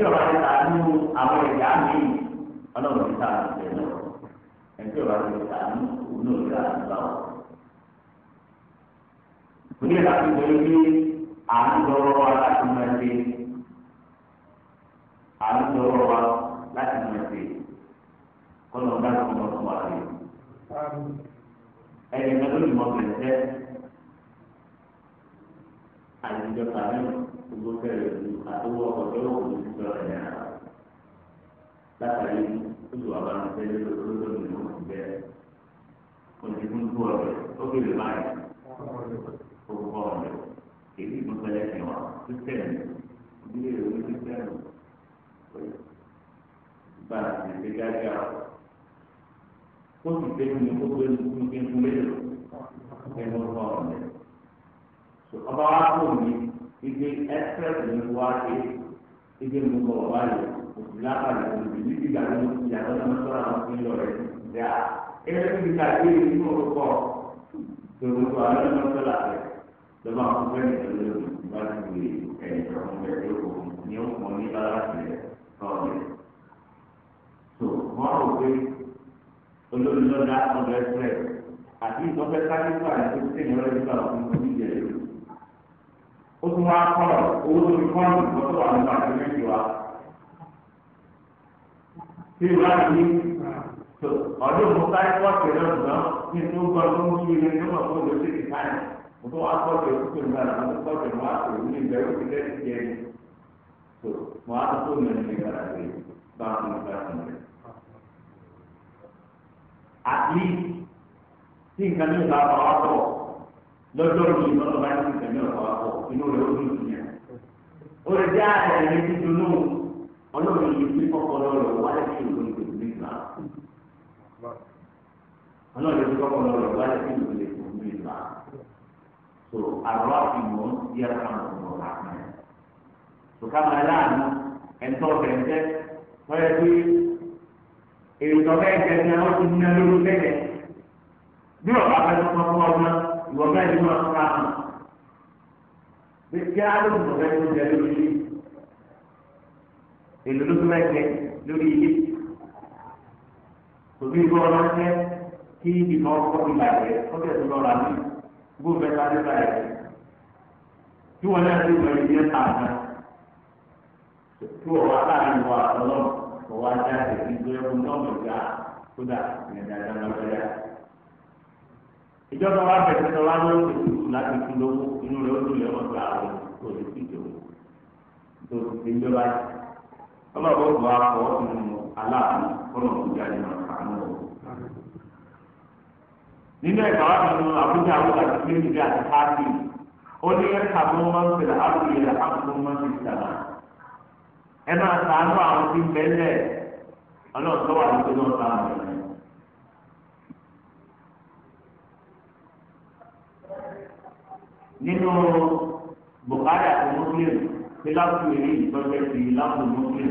ẹtí ọba ti ta ní àwọn ẹ̀yà míì ọlọ́run ti ta àtúntẹ̀ náà ẹtí ọba ti ta ní òun náà ti ta àtúntà wọn. Òní ẹ̀ka ti wọlé pé àńdọ̀rọ̀ wa láti máa ṣe àńdọ̀rọ̀ wa láti máa ṣe kọ́nà ọ̀gá tó mọ̀ fún wa rè. Ẹni ẹ̀ka lórí mọ̀ bẹ̀rẹ̀ tẹ́ àyíjọ tàbí gbogbo fẹ́rẹ̀ ìlú àtọwọ́ ọ̀dọ́ òkú ìjọ ẹ̀yà látàrí oṣù àbáńtẹ́ lọ́dún ní oṣù bẹ́ẹ̀ oṣù tó ń bú ọ̀rẹ́ ó kéde báyìí ó bọ́ ọ̀rẹ́ èyí tó fẹ́lẹ́ ní wa kírísítẹ́nì ìdílé ìwé kírísítẹ́nì bá a ti ṣe gágá ó sì fẹ́ mi ó fẹ́ mi kí n fún lélẹ̀ ẹnu bọ́ ọ̀rẹ́ ọba wa kò ní ibi ẹsẹ̀ ní wá ike ń bọ̀ wá yìí òkú lápàdé òbí ní ìgbà tó ìyàtọ̀ náà sọ̀rọ̀ àwọn tó ń lọ rẹ̀ dá ẹgbẹ́ tó ti kàdé yìí ní orúkọ tòun tó àwọn ọmọ tó là rẹ̀ lọ́mọ àwọn fẹ́ ní ìlú ìgbà tó ti ẹ̀yìn tó ń bẹ̀ tó kù ní ọmọ ní bára tilẹ̀ tọ́lẹ̀. tó wọ́n rò pé olórí lọ́dá ọ̀dọ̀ ẹ̀fẹ́ àti ìtọ́fẹ́ kánífà àti ó tún wá kọ́nà owó tó fi kọ́nà ìgbọ́ tó wà nínú àgbẹ̀mẹ́tì wa. Ṣé ìwà mi ọdún mo sáré pọ́ọ̀tì rẹ̀ ṣùgbọ́n kí n tó gbọ́ tó ń yí ilé tó mọ̀ fún ìlú sí ìkáyà. Mo tó wá pọ́ọ̀tì rẹ̀ kúkú nígbà náà mo pọ́ọ̀tì rẹ̀ wá pè ní ìgbẹ́ òkè lẹ́sì jẹ́ ni. Mo á tó mi ní ìgbàlá rẹ̀ bá mi nígbà rẹ̀. Àti tí nǹkan ní ìlànà wa pọ̀ lọ́jọ́ mi lọ́nà bá ti tẹ̀lé ọ̀pọ̀ àpọ̀ inú rẹ̀ ó dùn yẹn. ó lè dá ẹ̀rí dídùnú ọlọ́run yìí pé kọ́kọ́rọ́ rẹ̀ wálé sí ìlú ìgbèlú nígbà. ọlọ́run yìí pé kọ́kọ́rọ́ rẹ̀ wálé sí ìlú ìgbèlú nígbà. so àrùn àfihàn yẹ kàn mọ̀ láàmú. sùkàmù aláàánú ẹ̀ńtọ́ bẹ̀ńtẹ́ wọ́n yẹ pé èrò tọ́ bẹ́ẹ̀ jẹ́ ní àwọn tó ìwọ bẹ́ẹ̀ ni wọ́n ká mọ̀ pé kí á ló mọ̀ bẹ́ẹ̀ tó jẹ lórí ilé èlò ló fẹ́ jẹ lórí ilé òbí ìlú ọlọ́ jẹ kí ìbọn kọ́ ìlà rẹ̀ kọ́kẹ́ tó lọ́ra ní gbogbo ẹ̀ka nípa ẹ̀ tí wọ́n náà ti wọ̀ ẹ̀yẹ tààtà tí wọ́n wá láàrin wa ọlọ́run wọ́n jáde nígbẹ́ fún náà lọ́yà ìjọba wa bẹ̀rẹ̀ sọ wá ló ń pè láti kú lówó inú rẹ̀ ó dùn lẹ́wọ̀n gbà àwọn òde sí ìjọba tó ti ìjọba yìí ọmọ ìbọn bọ̀ akọ nínú aláàbò kọ́nà tó jáde náà kàánú ọ̀. nínú ẹ̀ka wa nínú àbújá àwọn àti mílíọ̀nù àti káàkiri ó ní ẹ̀ka tó máa ń pèlè àbúrò yẹn àbúrò tó máa ń pèlè sàlá ẹ máa sàánú àwọn tí ń bẹ́ẹ̀ lẹ̀ ọlọ́ọ̀tọ́ wà ní nínú bukari àti muslim tí láwùjọ eré ìtọ́jú ti láwùjọ muslim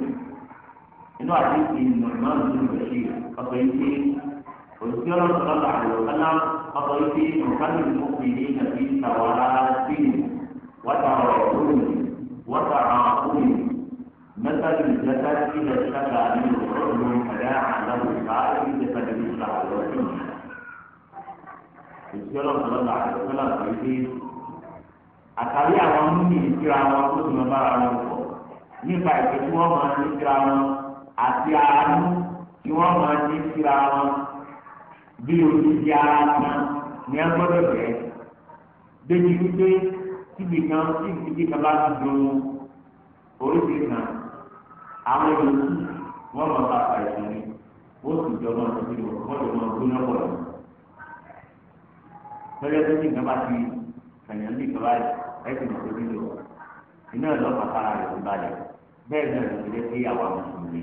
inú àdéhùn ti ló ti bẹ̀ sí ọkọ̀ ìdí òsì ọlọ́run lọ́la àlùkálá ọkọ̀ ìdí nǹkanì mọ́kùnrin ní nàbí tàwárá sínú wọ́tà ọ̀rọ̀kùnrin wọ́tà ọ̀rọ̀kùnrin mẹ́tàlì ìjẹta sí ilẹ̀ ṣáka ní òṣèlú ẹ̀rẹ́ àlọ́ ìbáraẹ̀ ìjẹta ní ìṣàlọ́ òsì ọlọ́run lọ́la àlùkálá ọkọ̀ ìdí àtàrí àwọn múni ìsira wọn tó ti máa bára wọn pọ̀ nípa ìpè tí wọ́n máa ní ìsira wọn àti àánú tí wọ́n máa ní ìsira wọn bí odidi ara kan ní agbọ́dọ̀ bẹ́ẹ̀ débi wípé síbi kan sí ibi kan bá ti dùn oríṣi kan àwọn èèyàn wọ́n máa bá a ìsìn ní ó sì jọ máa ti dùn wọ́n jọ máa gbóná pọ̀ lọ́wọ́ lọ́jọ́ tó ti nǹkan bá ti kàyàn ní ìkọ́ báyìí. ẹ̀sìn ìṣòro yìí o iná ìlọ́pàá kára rẹ̀ ń balẹ̀ bẹ́ẹ̀ náà ló ti dé sí àwọn mùsùlùmí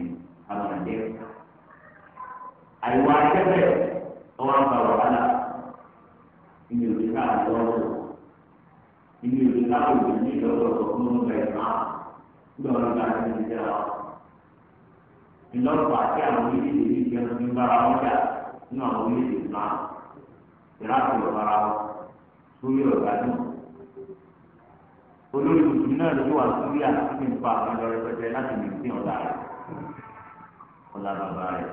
àmàlẹ́ àìwá akẹ́fẹ́ ọwọ́ àgbà wàhálà ìní òde ká àlọ́wọ́ ká ní ìlọ́wọ́ ìmá àwọn yìí ní bára àwọn náà sórí ọ̀gá náà. olórí tuntun náà ló wà lórí àti nípa àwọn ẹ̀rọ rẹpẹtẹ láti lè pín ọ̀la rẹ̀ ọ̀la bàbá rẹ̀.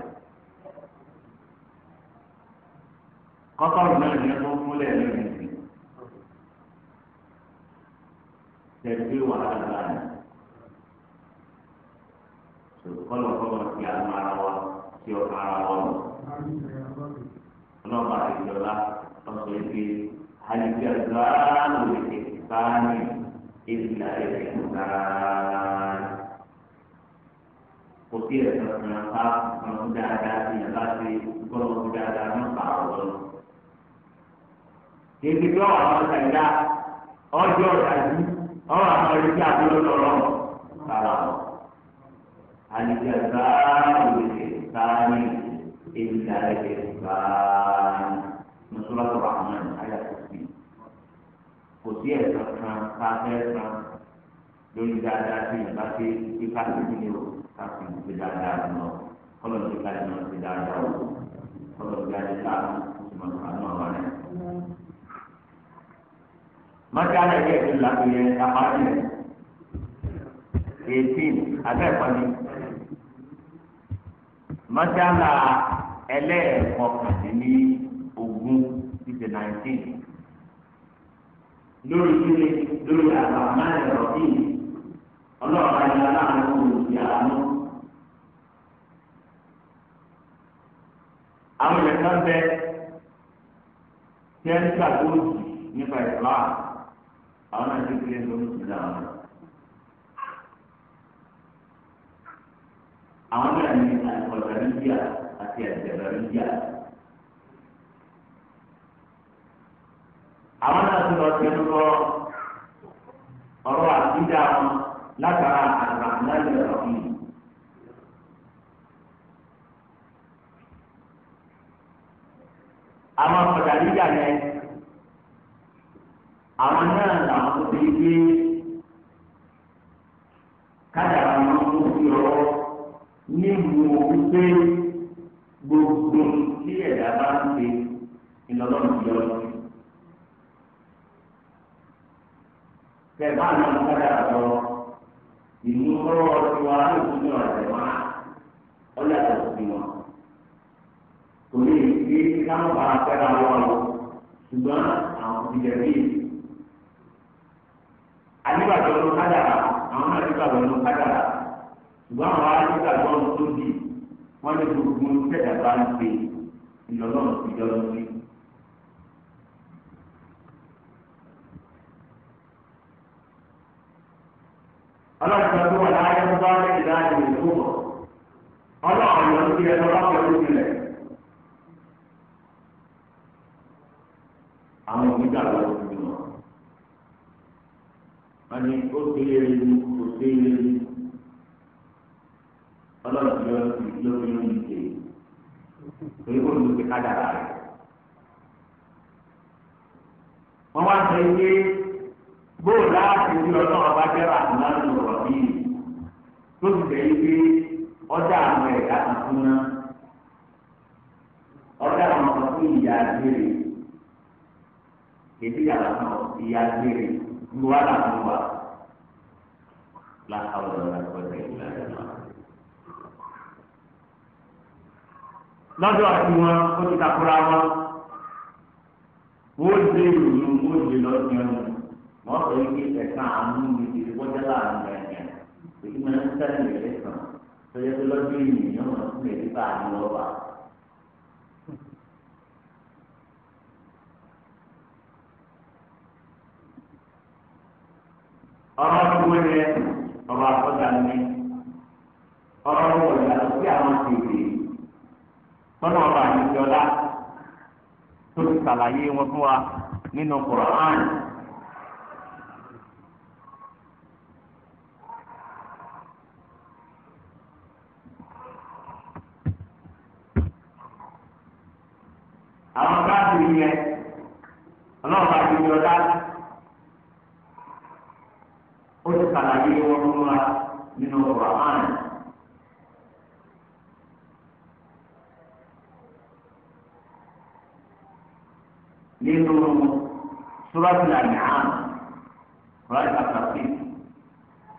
kọ́kọ́rù náà ní ẹ̀kọ́ múlẹ̀ lónìí sí tẹ̀sí wàhálà láàyè kọ́lọ̀kọ́lọ̀ ti àwọn ara wa ti ọ̀ka ara wa lọ. ọlọ́ọ̀bà ìjọba ọ̀sẹ̀ ìgbé àyíké àgbà lòdì sáà nìyí. إلا الإحسان Kutir terkenal kalau sudah ada inovasi, kalau sudah ada mengetahui. Jadi oh, oh, kalau orang saya ojo tadi, orang Malaysia belum tolong salam. Al-Jaza Al-Ihsan Indah Al-Ihsan Nusulat Rahman kò sí ẹ̀sán kan bá fẹ́ san lórí dáadáa tí ìgbà tí pípa sí ní o káfí ti dáadáa lọ kọ́lọ̀ ti ká ìmọ̀ ti dáadáa o kọ́lọ̀ ti dáadáa láàmú ìmọ̀ ìmọ̀ àná ọ̀rọ̀ rẹ̀. mọ́tíálà yẹ kí làkúnyẹ apáṣẹ eighteen abẹ́ẹ̀kọ́ ni mọ́tíálà ẹlẹ́ẹ̀kọ́kàndínlógún ti di nineteen lórí kíni lórí àbàmà ẹ̀rọ bíi ọlọ́ọ̀bá ni aláàánú olùsí àánú. àwọn ìrẹsà ń bẹ tẹ́ńtà tó nípa ìsìláà àwọn náà ti kílẹ̀ lórí ìsìláà wọn. àwọn náà ní àìkọ̀tà níjà àti àìjẹ̀bẹ̀rẹ̀ níjà. àwọn náà ti lọ tẹnu bọ ọ̀rọ̀ àbídà wọn látara àgbà náà lè rọ yìí. àwọn ọ̀dàlíjà yẹn àwọn náà làwọn tó ti gbé kádàrà wọn tó fi ọwọ́ nílùú wípé gbogbo tí ẹ̀dá bá ń ṣe ìlọ́lọ́run yọ. tẹ̀gbọ́n àná ọ̀kadà lọ ìlú lọ́wọ́ tiwa ní ìlú ọ̀rẹ́ wa ọ̀làtọ̀ sí wọn. kò ní ìdí káwọn bá fẹ́ra wọn lọ ṣùgbọ́n àwọn ìjẹ̀ bíi adébàjọ́ ló kádàrà àwọn náà adébàjọ́ ló kádàrà ṣùgbọ́n àwọn adébàjọ́ ló tóbi wọ́n lè gbogbo tẹ̀dá bá ń gbé ìlọ́lọ́run ìjọ lọ́wọ́ ọlọ́run tó wà láyé ń bá ìdá ìlú ìfowó ọlọ́run ló ń fi ẹnu lọ́pọ̀ ìlú ìlẹ̀. àwọn onígbà ló ń fi mọ̀ wọ́n ní ó ṣe é lé ní kò ṣe é lé ní ọlọ́run tó yọ sí ló fi ń èyí kò ní ṣe kájà rẹ̀. wọ́n wá sọ ilé. bóòlù láti rí ọjọ́ ọba jẹ́rà náà lò rọ̀ bíi tó ti bẹ̀ yí pé ọjà àwọn ẹ̀dá kan fún náà ọjà àwọn kan fún ìyá gbére èdè yàrá kan ìyá gbére ní wàá fún wa láhàá ọ̀dọ̀ ọ̀dọ̀ ọ̀dọ̀ lọ́dọ̀ àti wọn ó ti wọn wọ́n lé ìròyìn wọ́n wọ́n sọ yìí pé ẹ̀ka àánú mi ti wọ́jà láàrin ẹ̀yàn èyí máa ń sẹ́yìn ẹ̀rẹ́ kan tó yẹ kó lọ́jọ́ ènìyàn máa fún èdè bá a ní ọba. ọ̀rọ̀ ìwé rẹ̀ ọ̀rọ̀ àkọ́jà ni ọ̀rọ̀ ìwé rẹ̀ àti sí àwọn tèèrè tọ́nà ọba àti ìjọba tó ti ṣàlàyé wọn fún wa nínú Kùránì. àwọn káàkiri yẹn ọlọ́run bá ti yọ dá ó ti kàlàyé wọn fún wa nínú ọ̀rọ̀ àná. nínú súrọ́tì àmì-án kọ́lá ìtàkùn sí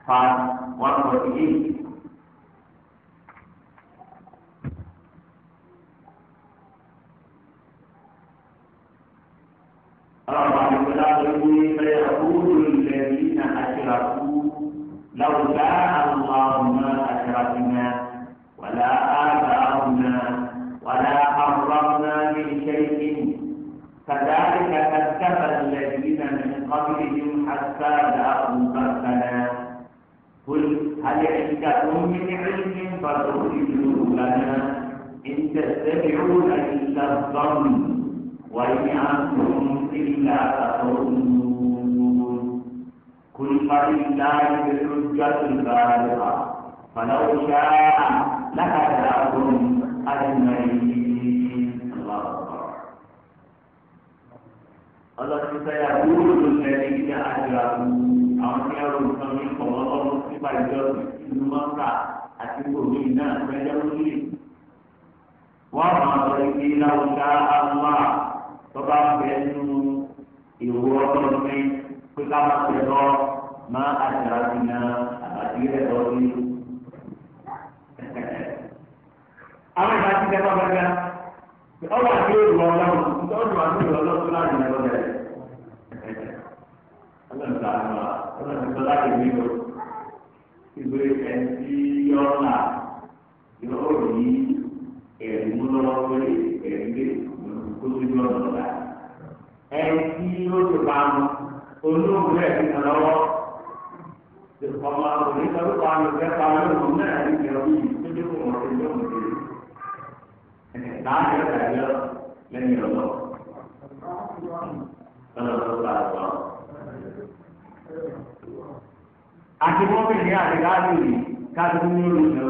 pa one forty eight. رب العالمين فيقول الذين أشركوا لو الله ما أشركنا ولا آباؤنا ولا حرمنا من شيء كذلك كذب الذين من قبلهم حتى جاءهم بأسنا قل هل عندكم من علم فتخرجوه إن تتبعون إلا الظن وإن أنتم إلا تظنون قل فلله الحجة البالغة فلو شاء لهداكم أجمعين الله أكبر الله سيقول الذين أجرموا أو tí a rò nǹkan ní ọ̀wọ́ ọ̀rọ̀ nípa ìjọ ìlú mọ́ta àti gbòmí náà tọ́ba ń bẹ nínú ìwò ọlọ́run mi pé ká má pẹ́ lọ máa àjàrà sí na àbàtì rẹ̀ lọ sí. àwọn ìgbà tí kẹfà bá gbà ọwọ́ àti èrò ọlọ́run ìtọ́jú àti èrò ọlọ́run láti rẹ̀ lọ́dẹ̀. ọlọ́run ta àná ọlọ́run tó láti rí lọ ìwé ẹni tí yọ ọ́ là yọ ọ́ yí ẹ̀rí múlọ́wọ́ pé ẹ̀rí lè ojú ọ̀dọ̀ la ẹni tí ó ti bá mu olóògùn rẹ̀ ti tàn lọ́wọ́ ọmọ òní lórúkọ àmì ìjẹta olóògùn náà ní ìjẹun yìí tó dé kó wọn ṣe lóògùn kiri ẹ̀ láàyè ìdájọ́ lẹ́yìn ọ̀dọ́ lọ́dọ̀ tó bá a sọ. àti mọ́bìlì àti láàbìlì káàdùn ní olùdó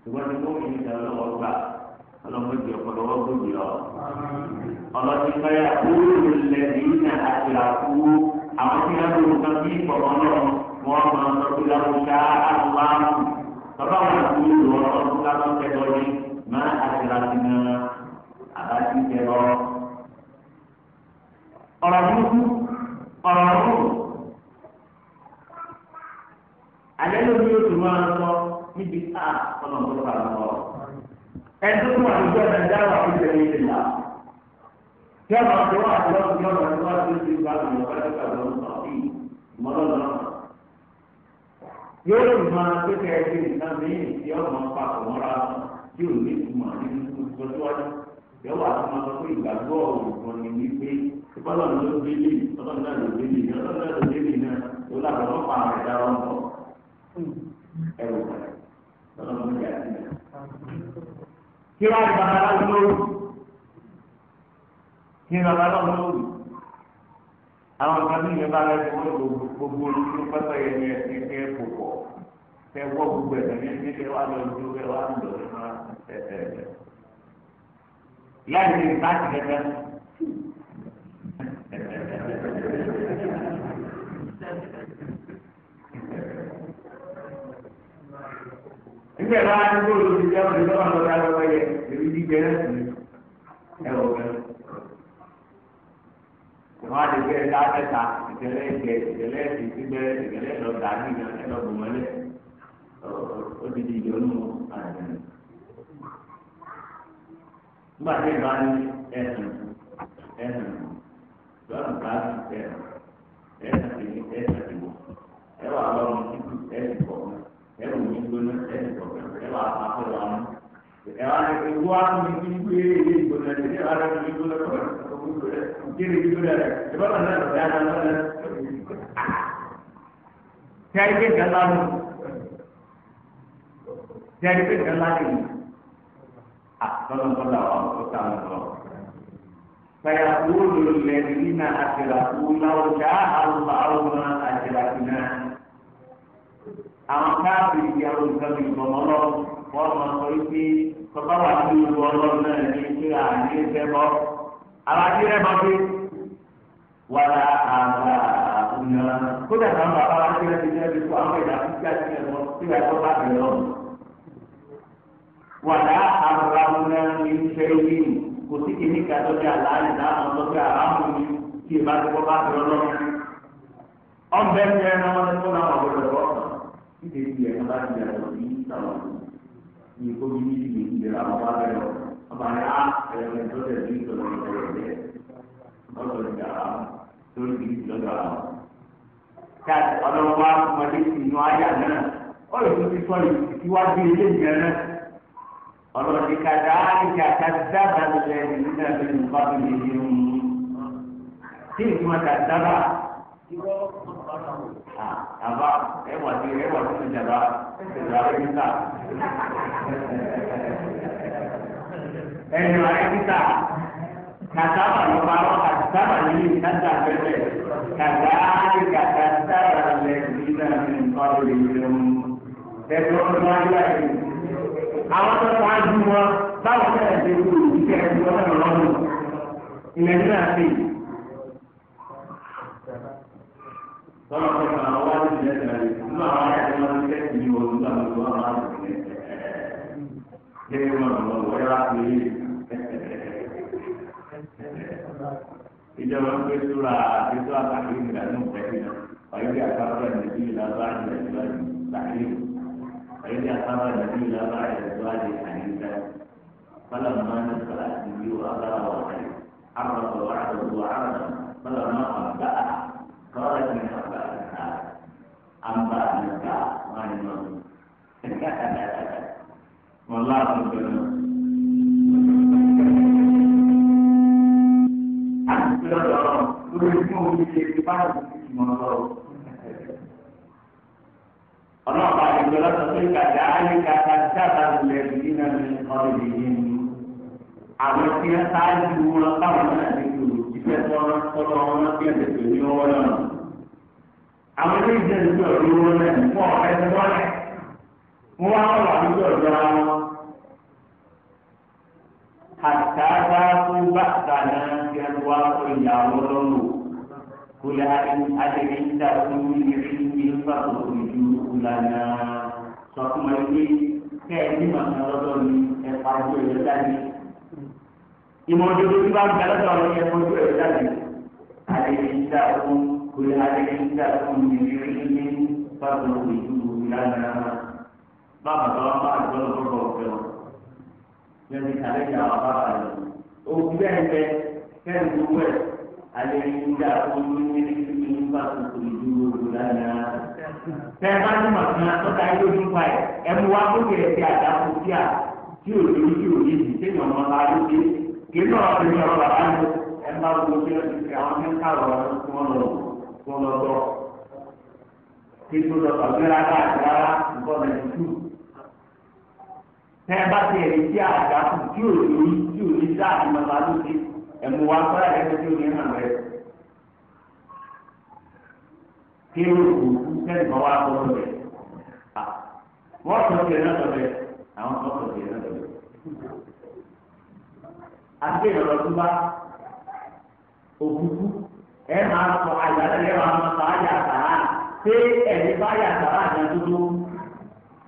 ṣùgbọ́n ní mọ́bìlì ìjẹun ọlọ́mọdé ọ̀pọ̀lọpọ̀ gbòdì lọ. ọlọ́dún báyà kúrò lẹ́nu iná àti àkú àwọn tí wọ́n lò kan bí ìpọ̀lọ́ náà wọ́n máa ń tọ́jú láwùjá àlùwárù. bàbá wọn kú lò ọlọ́dún láwọn tẹ̀lọ́ ní máa àtìláti náà àbájú tẹ̀lọ́. ọ̀rọ̀ burúkú ọ̀rọ̀ rúù. àlẹ́ ló ní oṣù máa ń sọ níbi tá ọlọ́mọdé ẹni tó máa ń gbọ́ ẹ̀dá dáwà fún ìṣẹ̀lẹ̀ ìṣẹ̀lẹ̀ náà. Tí a máa fi wá àjọ tí wọ́n máa ń wá sí ti gba àwọn ọ̀gá ìgbà lọ sọ sí ìmọ̀lọ́ náà. Yóò sì máa pépè ẹgbẹ́ nìkan mìíràn tí ó máa pa àmọ́ra tí ò ní ìtumọ̀ nínú ìtọ́síwájú. Yóò wà tó máa sọ pé ìgbàgbọ́ òògùn ni wípé ìbálòun ló délé ọlọ́run náà ló délé ọlọ́run náà ló délé náà ló làbọ̀ wọ́n pa àwọn ẹ̀dá wọn bọ̀. Ẹ wò ó, ọlọ́run ló yà sí i kí wàá di babaláwo lórí kí babaláwo lórí àwọn kan ní ìyẹn bá rẹ ti wọ́n gbogbo olùkú pẹ́pẹ́ yẹn ní ẹ̀sìn kẹ́ kò pọ̀ kẹ́ wọ́ gbogbo ẹ̀sìn ní ẹ̀sìn kẹ́ wà lọ ju kẹ́ wà lọ ẹ̀ẹ́dẹ̀ láì ní ìbáṣe kẹ́kẹ́. nígbà bá ń gbó lórí ìjọba ìjọba ìjọba ìjọba ìjọba yẹ èmi jíjẹ náà sì ẹ wọ bẹ. àwọn àdìgbẹ ẹ̀ka ẹ̀ka ìtẹlẹ ẹgbẹ ìtẹlẹ ìtìgbẹ ìtẹlẹ ẹlọgà nígbà ẹlọgbọmọlẹ ó ti di ìjọnú àdìgbẹ. nígbà tí ìbá ní ẹsùn ẹsùn lọ́nà bá ti tẹ̀ ẹsùn ẹsùn ìwọ̀ ẹwà lọ́rùn ẹ̀rù mi gbóná ẹ̀rù kọ̀ọ̀kan ẹ̀rù àpapọ̀ lọ́nà. ẹ̀wà ewu àwọn ibi gbé ilé ìgbóná rẹ̀ ẹ̀rù àwọn ibi gbóná kọ̀ ìkéde gbóná rẹ̀ ẹ̀bá náà lọ bẹ́ẹ̀ náà lọ́nà. tí a yẹ kí nǹkan lánàá tí a yẹ kí nǹkan lánàá àtọ́nàtọ́nà àwọn ọ̀tá nìkan. فيقول الذين أشركوا لو شاء الله ما أشركنا àwọn káàkiri di àwọn nǹkan bíi ìgbọ̀mọ́ lọ wọ́n mọ̀ sọ wípé tọ́ba wà ní ìlú ọlọ́run náà ní pé àní ìfẹ́ bọ́ àwọn akérè bọ́ pé wàrà àgbà ònà kódà náà bàbá wa kéré ti jẹ́ bíi àwọn ìdá fíjà sí ẹ̀mọ́ tí wàá tó bá bẹ̀rẹ̀ lọ. wàrà àgbà ònà ní ìfẹ́ yìí kò sí kìíní ká tó bá bẹ̀rẹ̀ lọ. tó náà wọ̀ títí ti yẹ ká ti yàtọ̀ sí ìtàwọn ní kó bí ní ìlú ìlera wọn bá bẹ̀rẹ̀ ọba yà á ẹ̀rọ ẹ̀dọ́ tẹ̀ sí ìtọ̀lọ̀ ìtọ̀lọ̀ rẹ̀ lọ́sọ̀ ti dàrá lórí ti ti lọ́dọ̀ àrà wọn. káàtì ọlọ́wọ́ wa ọmọdé ti inú ayà náà ó lè tún ti sọ ìwádìí ilé ìgbẹ́ náà ọlọ́dẹ kàdá àyíká kàdá balẹ̀ nínú ẹgbẹ́ nípa tó lè yẹ wọn. tí ìtumọ̀ kàdá bá àbá ẹwà tí ẹwà tí mi jàmbá ìjàmbá rẹ níta ẹ̀yìn rẹ níta kàtàbà ló bá wọn kàtàbà yìí kàtà bẹ́ẹ̀ kàtà áyè kàtà sára lẹ́yìn náà ní nǹkan lè yẹ mu ẹgbẹ́ wọn bá yà yìí àwọn tó ta ju wọn báwọn tẹ̀lé tó kú ìdíkẹ́ ẹ̀dùn ọ̀nà lọ́dún ilẹ̀ nígbà tí. Kalau kita awal tidak dari, semua ayat yang kita ini bukan dua ayat ini. Jadi mana mana orang ini. Ijazah itu lah, itu akan ini dan mungkin. Baik dia akan menjadi lazar dan lazar tahrim. Baik dia akan menjadi lazar dan lazar tahrim. فلما نزل النبي أباه وعليه عرف وعده وعرفه فلما أبدأها قالت من أبدأها antara mereka main-main. Wallahu a'lam. Sudah dong, sudah mau dicek di mana mau Allah paling jelas tapi kadang kata kata lagi nanti kalau begini, awalnya saya dulu tahu nanti dulu, kita orang orang dia betul orang àwọn ilé ìjẹ́ ìlú ọ̀dọ́ owó rẹ̀ fún ọ̀rẹ́ ti wọ́lẹ̀ wọ́n wá wà níbi ọ̀dọ́ wọn. Àtàkà fún bàtà náà ti ẹnu wá kó ìyàwó lọ́rùn. Kúlẹ̀ adìrí ń dà fún ìrírí ní pàtó ìlú ìlànà sọkùnrin pé kẹ́ẹ̀ màmá lọ́dọ̀ ni ẹ̀ka ojú ẹ̀yọ dání. Ìmọ̀ òjòjò bá ń bẹ lọ́dọ̀ ni ẹ̀ka ojú ẹ̀yọ dání. Adìrí dà fún قل هل عندكم من علم فاخرجوه لنا bàbá tó wọn bá àgbọ̀lọ̀ tó bọ̀ fẹ́ wọn lẹ́nu ìtàlẹ́ ìjà wà bá wà lọ. òkú bẹ́ẹ̀ bẹ kẹ́rin tó wẹ̀ alẹ́ ìjà tó ní nílé ní bá tuntun ìlú ogun lánàá. tẹ́ẹ̀ bá ní màkàn tọ́ta yóò ní pa ẹ̀ ẹ̀mú wa kó kẹ̀rẹ̀ ti àdàpọ̀ sí à tí ò lórí tí ò yéjì sẹ́yìn ọmọ bá ló dé kí n náà ọ̀rọ̀ bàbá lọ ẹ̀ bá gbogbo ṣẹlẹ̀ ti fi àwọn kẹ́kọ̀ọ́ kó lọ tọ́ kí tó lọ tọ́ gbéra káàkiri rárá nǹkan náà ti tù. tẹ́ ẹ bá ti ẹ̀rí sí àdàkù tí ò ní tí ò ní sáà ní màmá lóde ẹ̀mú wa fọ́lá ẹ̀kọ́ tí ò ní hàn rẹ̀. kí ló kù kú sẹ́ni kan wá kọ́ lọ́dẹ̀. wọ́n sọ pé náà lọ́dẹ̀ àwọn sọ pé náà lọ́dẹ̀. àti ìrọ̀lọ́dún bá òkú kú ẹ máa sọ àyàlẹ́ ẹ máa sọ àyà sàrà pé ẹ̀mí bá yà sàrà yẹn dúdú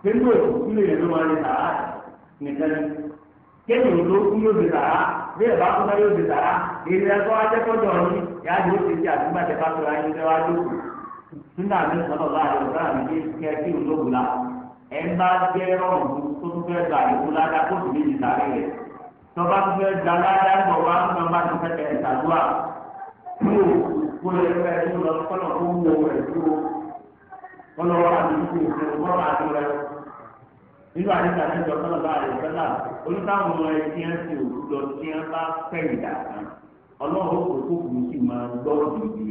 pé ní òkú ilé ìlú wọn lè sàrà nìkan ni kéde òdo yóò lè sàrà bí ẹ̀ bá kúta yóò lè sàrà èyí ẹ̀ tó ajẹ́kọ̀jọ́ ọ̀run yà á di ó ti di àdúgbò àti pàtó ayé ń tẹ́wá lóko sínú àmì sọ̀rọ̀ láàrin ọ̀gá mi ní kẹ́kí olóògùn la ẹ̀ ń bá jẹ́ rọrùn tó tún fẹ́ tí o kó lè fẹ́ tó lọ kọ́nà tó ń wo rẹ̀ tó o lọ wá àdúgbò tó o bọ́ máa tó rẹ̀ nínú àdúgbò àti ìjọ kọ́nà bá rẹ̀ ọmọ ẹ̀ ti òkú lọ tí wọ́n bá fẹ́ ìdá kan ọlọ́run kò tó kù sí máa gbọ́ ìdí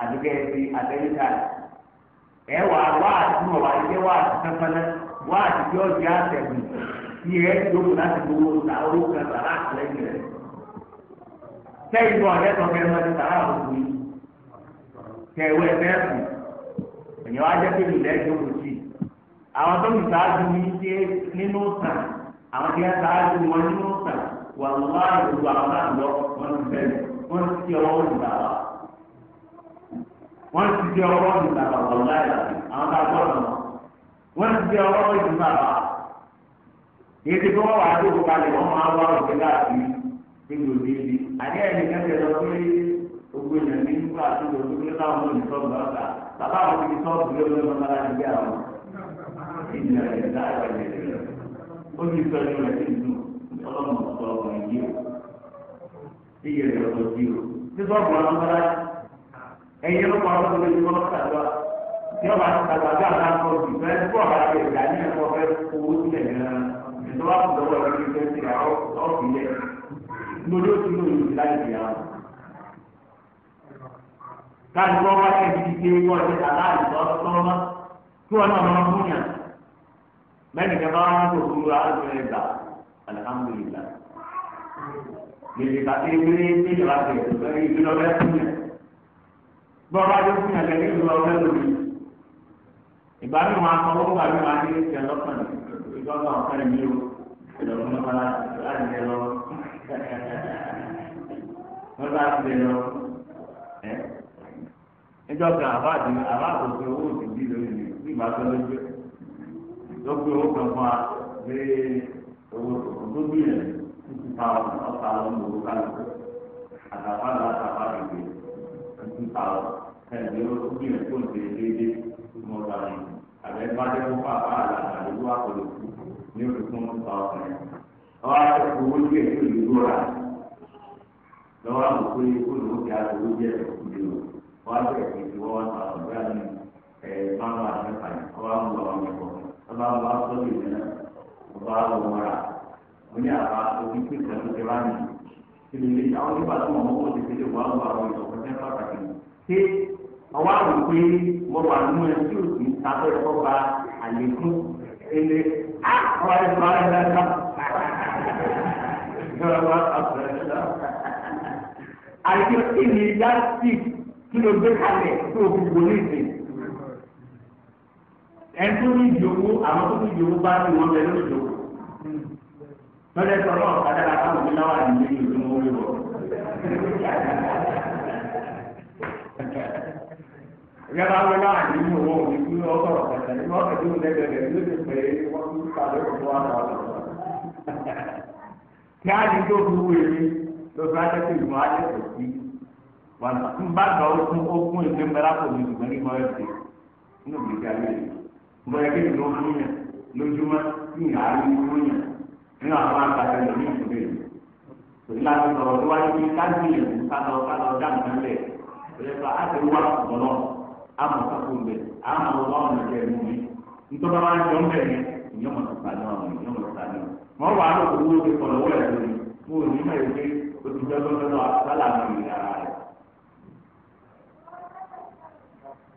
àdúgbò ẹbí àtẹnika ẹ wà wá àtúnwò wà ẹjẹ wà àtúnfẹfẹlẹ wà àtúnjẹ ọjà àtẹgùn tí ẹ jókòó láti gbowó ta owó kan tàrà àtìlẹ́yìn rẹ sẹ́yìn bọ ọdẹ tó kẹrin ọdẹ tàrà àbùkù yìí kẹwẹ fẹẹkù ẹyìn wá jẹ pé ìlẹ jókòó sí i àwọn tó ń sáájú yìí ṣe nínú sàn àwọn tí wọn sáájú wọn nínú sàn wà lọ́wọ́ àìlú àwọn wọ́n ti di ọwọ́ ìdàgbà wọ̀lá ìlànà àwọn tá a gbọ́ ọ̀nà wọ́n ti di ọwọ́ ìdìbàbà èdè tó wà á dóko kalẹ̀ wọ́n máa wá òkè láti níbi òde ibi àní ẹ̀yìn kẹ́kẹ́ lọ pé ogun èèyàn ní nígbà tó lọ sí pé láwọn ọmọ ìsọ ọgbà ọgbà bàbá àwọn ti sọ ọgbà ọgbà ọgbà ọgbà láti gbé àwọn ènìyàn rẹ̀ láàrọ̀ rẹ̀ ó ti sọ ẹni rẹ̀ sí ìlú ọlọ́mọ ọ̀sọ̀ ọ̀gbà ìdí o iye rẹ̀ ọ̀sọ̀ sí o sísọ ọgbà ọgbà láti ẹ̀yin ló kọ́ ọ́ lórí wọn sàdúrà tí ọba sàdúrà bí àwọn akọ òbí fẹ́ kó ọba rẹ̀ ìgbà ní ẹ̀kọ́ fẹ́ owó sílẹ̀ gan-an ìtọ́wá kò lọ́wọ́ ẹ̀rọ ìgbà ti rà ọ́ fi lẹ̀ lórí ó ti lò ní ìlà ìgbà wọn. káàdì wọn wá kẹ́ ibi ké wọ́n ti tà láàyè lọ́sọ́ọ́mọ́ kí wọ́n náà máa fún mẹ́rin kẹ́ bá wọn kò fún wa lórí ẹgbà alihamudulilayi lè bọ́ọ̀bá tó fún yàtọ̀ ní ìlú ọ̀gá lórí ìgbà mi wọn akọ wọn gbà mí wọn adé ìtẹ̀ lọ́kàn ìgbọ́gbà ọ̀kan mi ò ìdọ̀kùn náà wọn láti lè lọ wọn láti lè lọ ẹ níjọ́ kan àbá àti àbá àkókò owó ti di lórí mi bí ìgbà tó ló gbé ló gbé owó kan fún wa lé owó tó gbé yẹn títí ta ọ̀pá lọ́mọ owó kálukú àtàwọn àtàwọn àgbègbè nípa ọ ẹnì ó gbìyànjú kó déédéé mọ ọba yẹn àbẹ fún pàpà àlà àlùkò àkọlù ní olùkọ́ nípa ọba ọwọ́ akẹ́kọ̀ọ́ owó díẹ̀ tó lè gbóra lọ́wọ́ àwọn pé olùkọ́ kí aṣòwò díẹ̀ tó kú lé wọ́n á bẹ̀rẹ̀ pé kí wọ́n wá ta ọ̀gá mi ẹ̀ máa nípa yẹn ọwọ́ àwọn ọmọ ọmọ ẹ̀kọ́ ọba ọba sọ́ọ̀lì náà ọba ọmọ rà ìdílé àwọn nípa tó mọ̀ mọ́ òṣèlú lè wá wà àwọn ìṣọ̀kan tẹ́ pàtàkì ṣé ọwọ́ àrùn pé mo wà nínú ẹ tí òsì ń ta fẹ́ kọ́ ba àlékún ẹlẹ́ ọwọ́ ẹ̀ máa ń dáná ìjọba wa àbúrẹ́ ṣá. àjọ ìlú yásì kí ló gbé kalẹ̀ tó o fi wọlé ìsìn. ẹ tó ní ìdìbò àwọn tó ní ìdìbò bá ti wọn bẹ lórí ìdìbò. lọ́dẹ̀ sọ̀rọ̀ ọ̀kadà múlẹ̀ bọ̀. Ìjọba ń lọ àyè ní owó òní kí wọ́n sọ̀rọ̀ pẹ̀lẹ́ ní wọ́n tẹ̀lé òun lẹ́gbẹ̀ẹ́ ló ti pè é wọ́n tún ká lóko tó wà Kí á di tó fi wé mi ló fi ajẹ́ pé ìmọ̀ ajẹ́ kò sí. Wọ́n bá gbà ó fún ogún ìgbé mẹ́ra kò ní ìgbẹ́ ní mọ́ ẹ̀sìn nínú ìgbésí ayé rẹ̀. Mo yẹ kí ìlú fún yẹn lójúmọ́ kí ìyá rí fún yẹn nínú àwọn àgbàdo ìlú ìgbésí torí láti sọ̀rọ̀ tó wáyé bí kájìlì kálọ̀ kálọ̀ dáhùn nílẹ̀ ìrẹ́pà àti wá ọ̀nà àmọ̀ sáfù bẹ̀ àmọ̀ ọ̀nà ọ̀nà jẹ́ ẹ̀mú mi nítorí wọn jọ ń bẹ̀rẹ̀ ìyẹn mọ̀ nípa ní ọ̀nà ìyẹn mọ̀ nípa ní ọ̀nà wọn wà á lọ owó ti kọ̀ lọ́wọ́ ẹ̀ lórí mo ò ní mọ̀ èké o ti jẹ́ lọ́dọ́dọ́ àtàlà mi ara rẹ̀.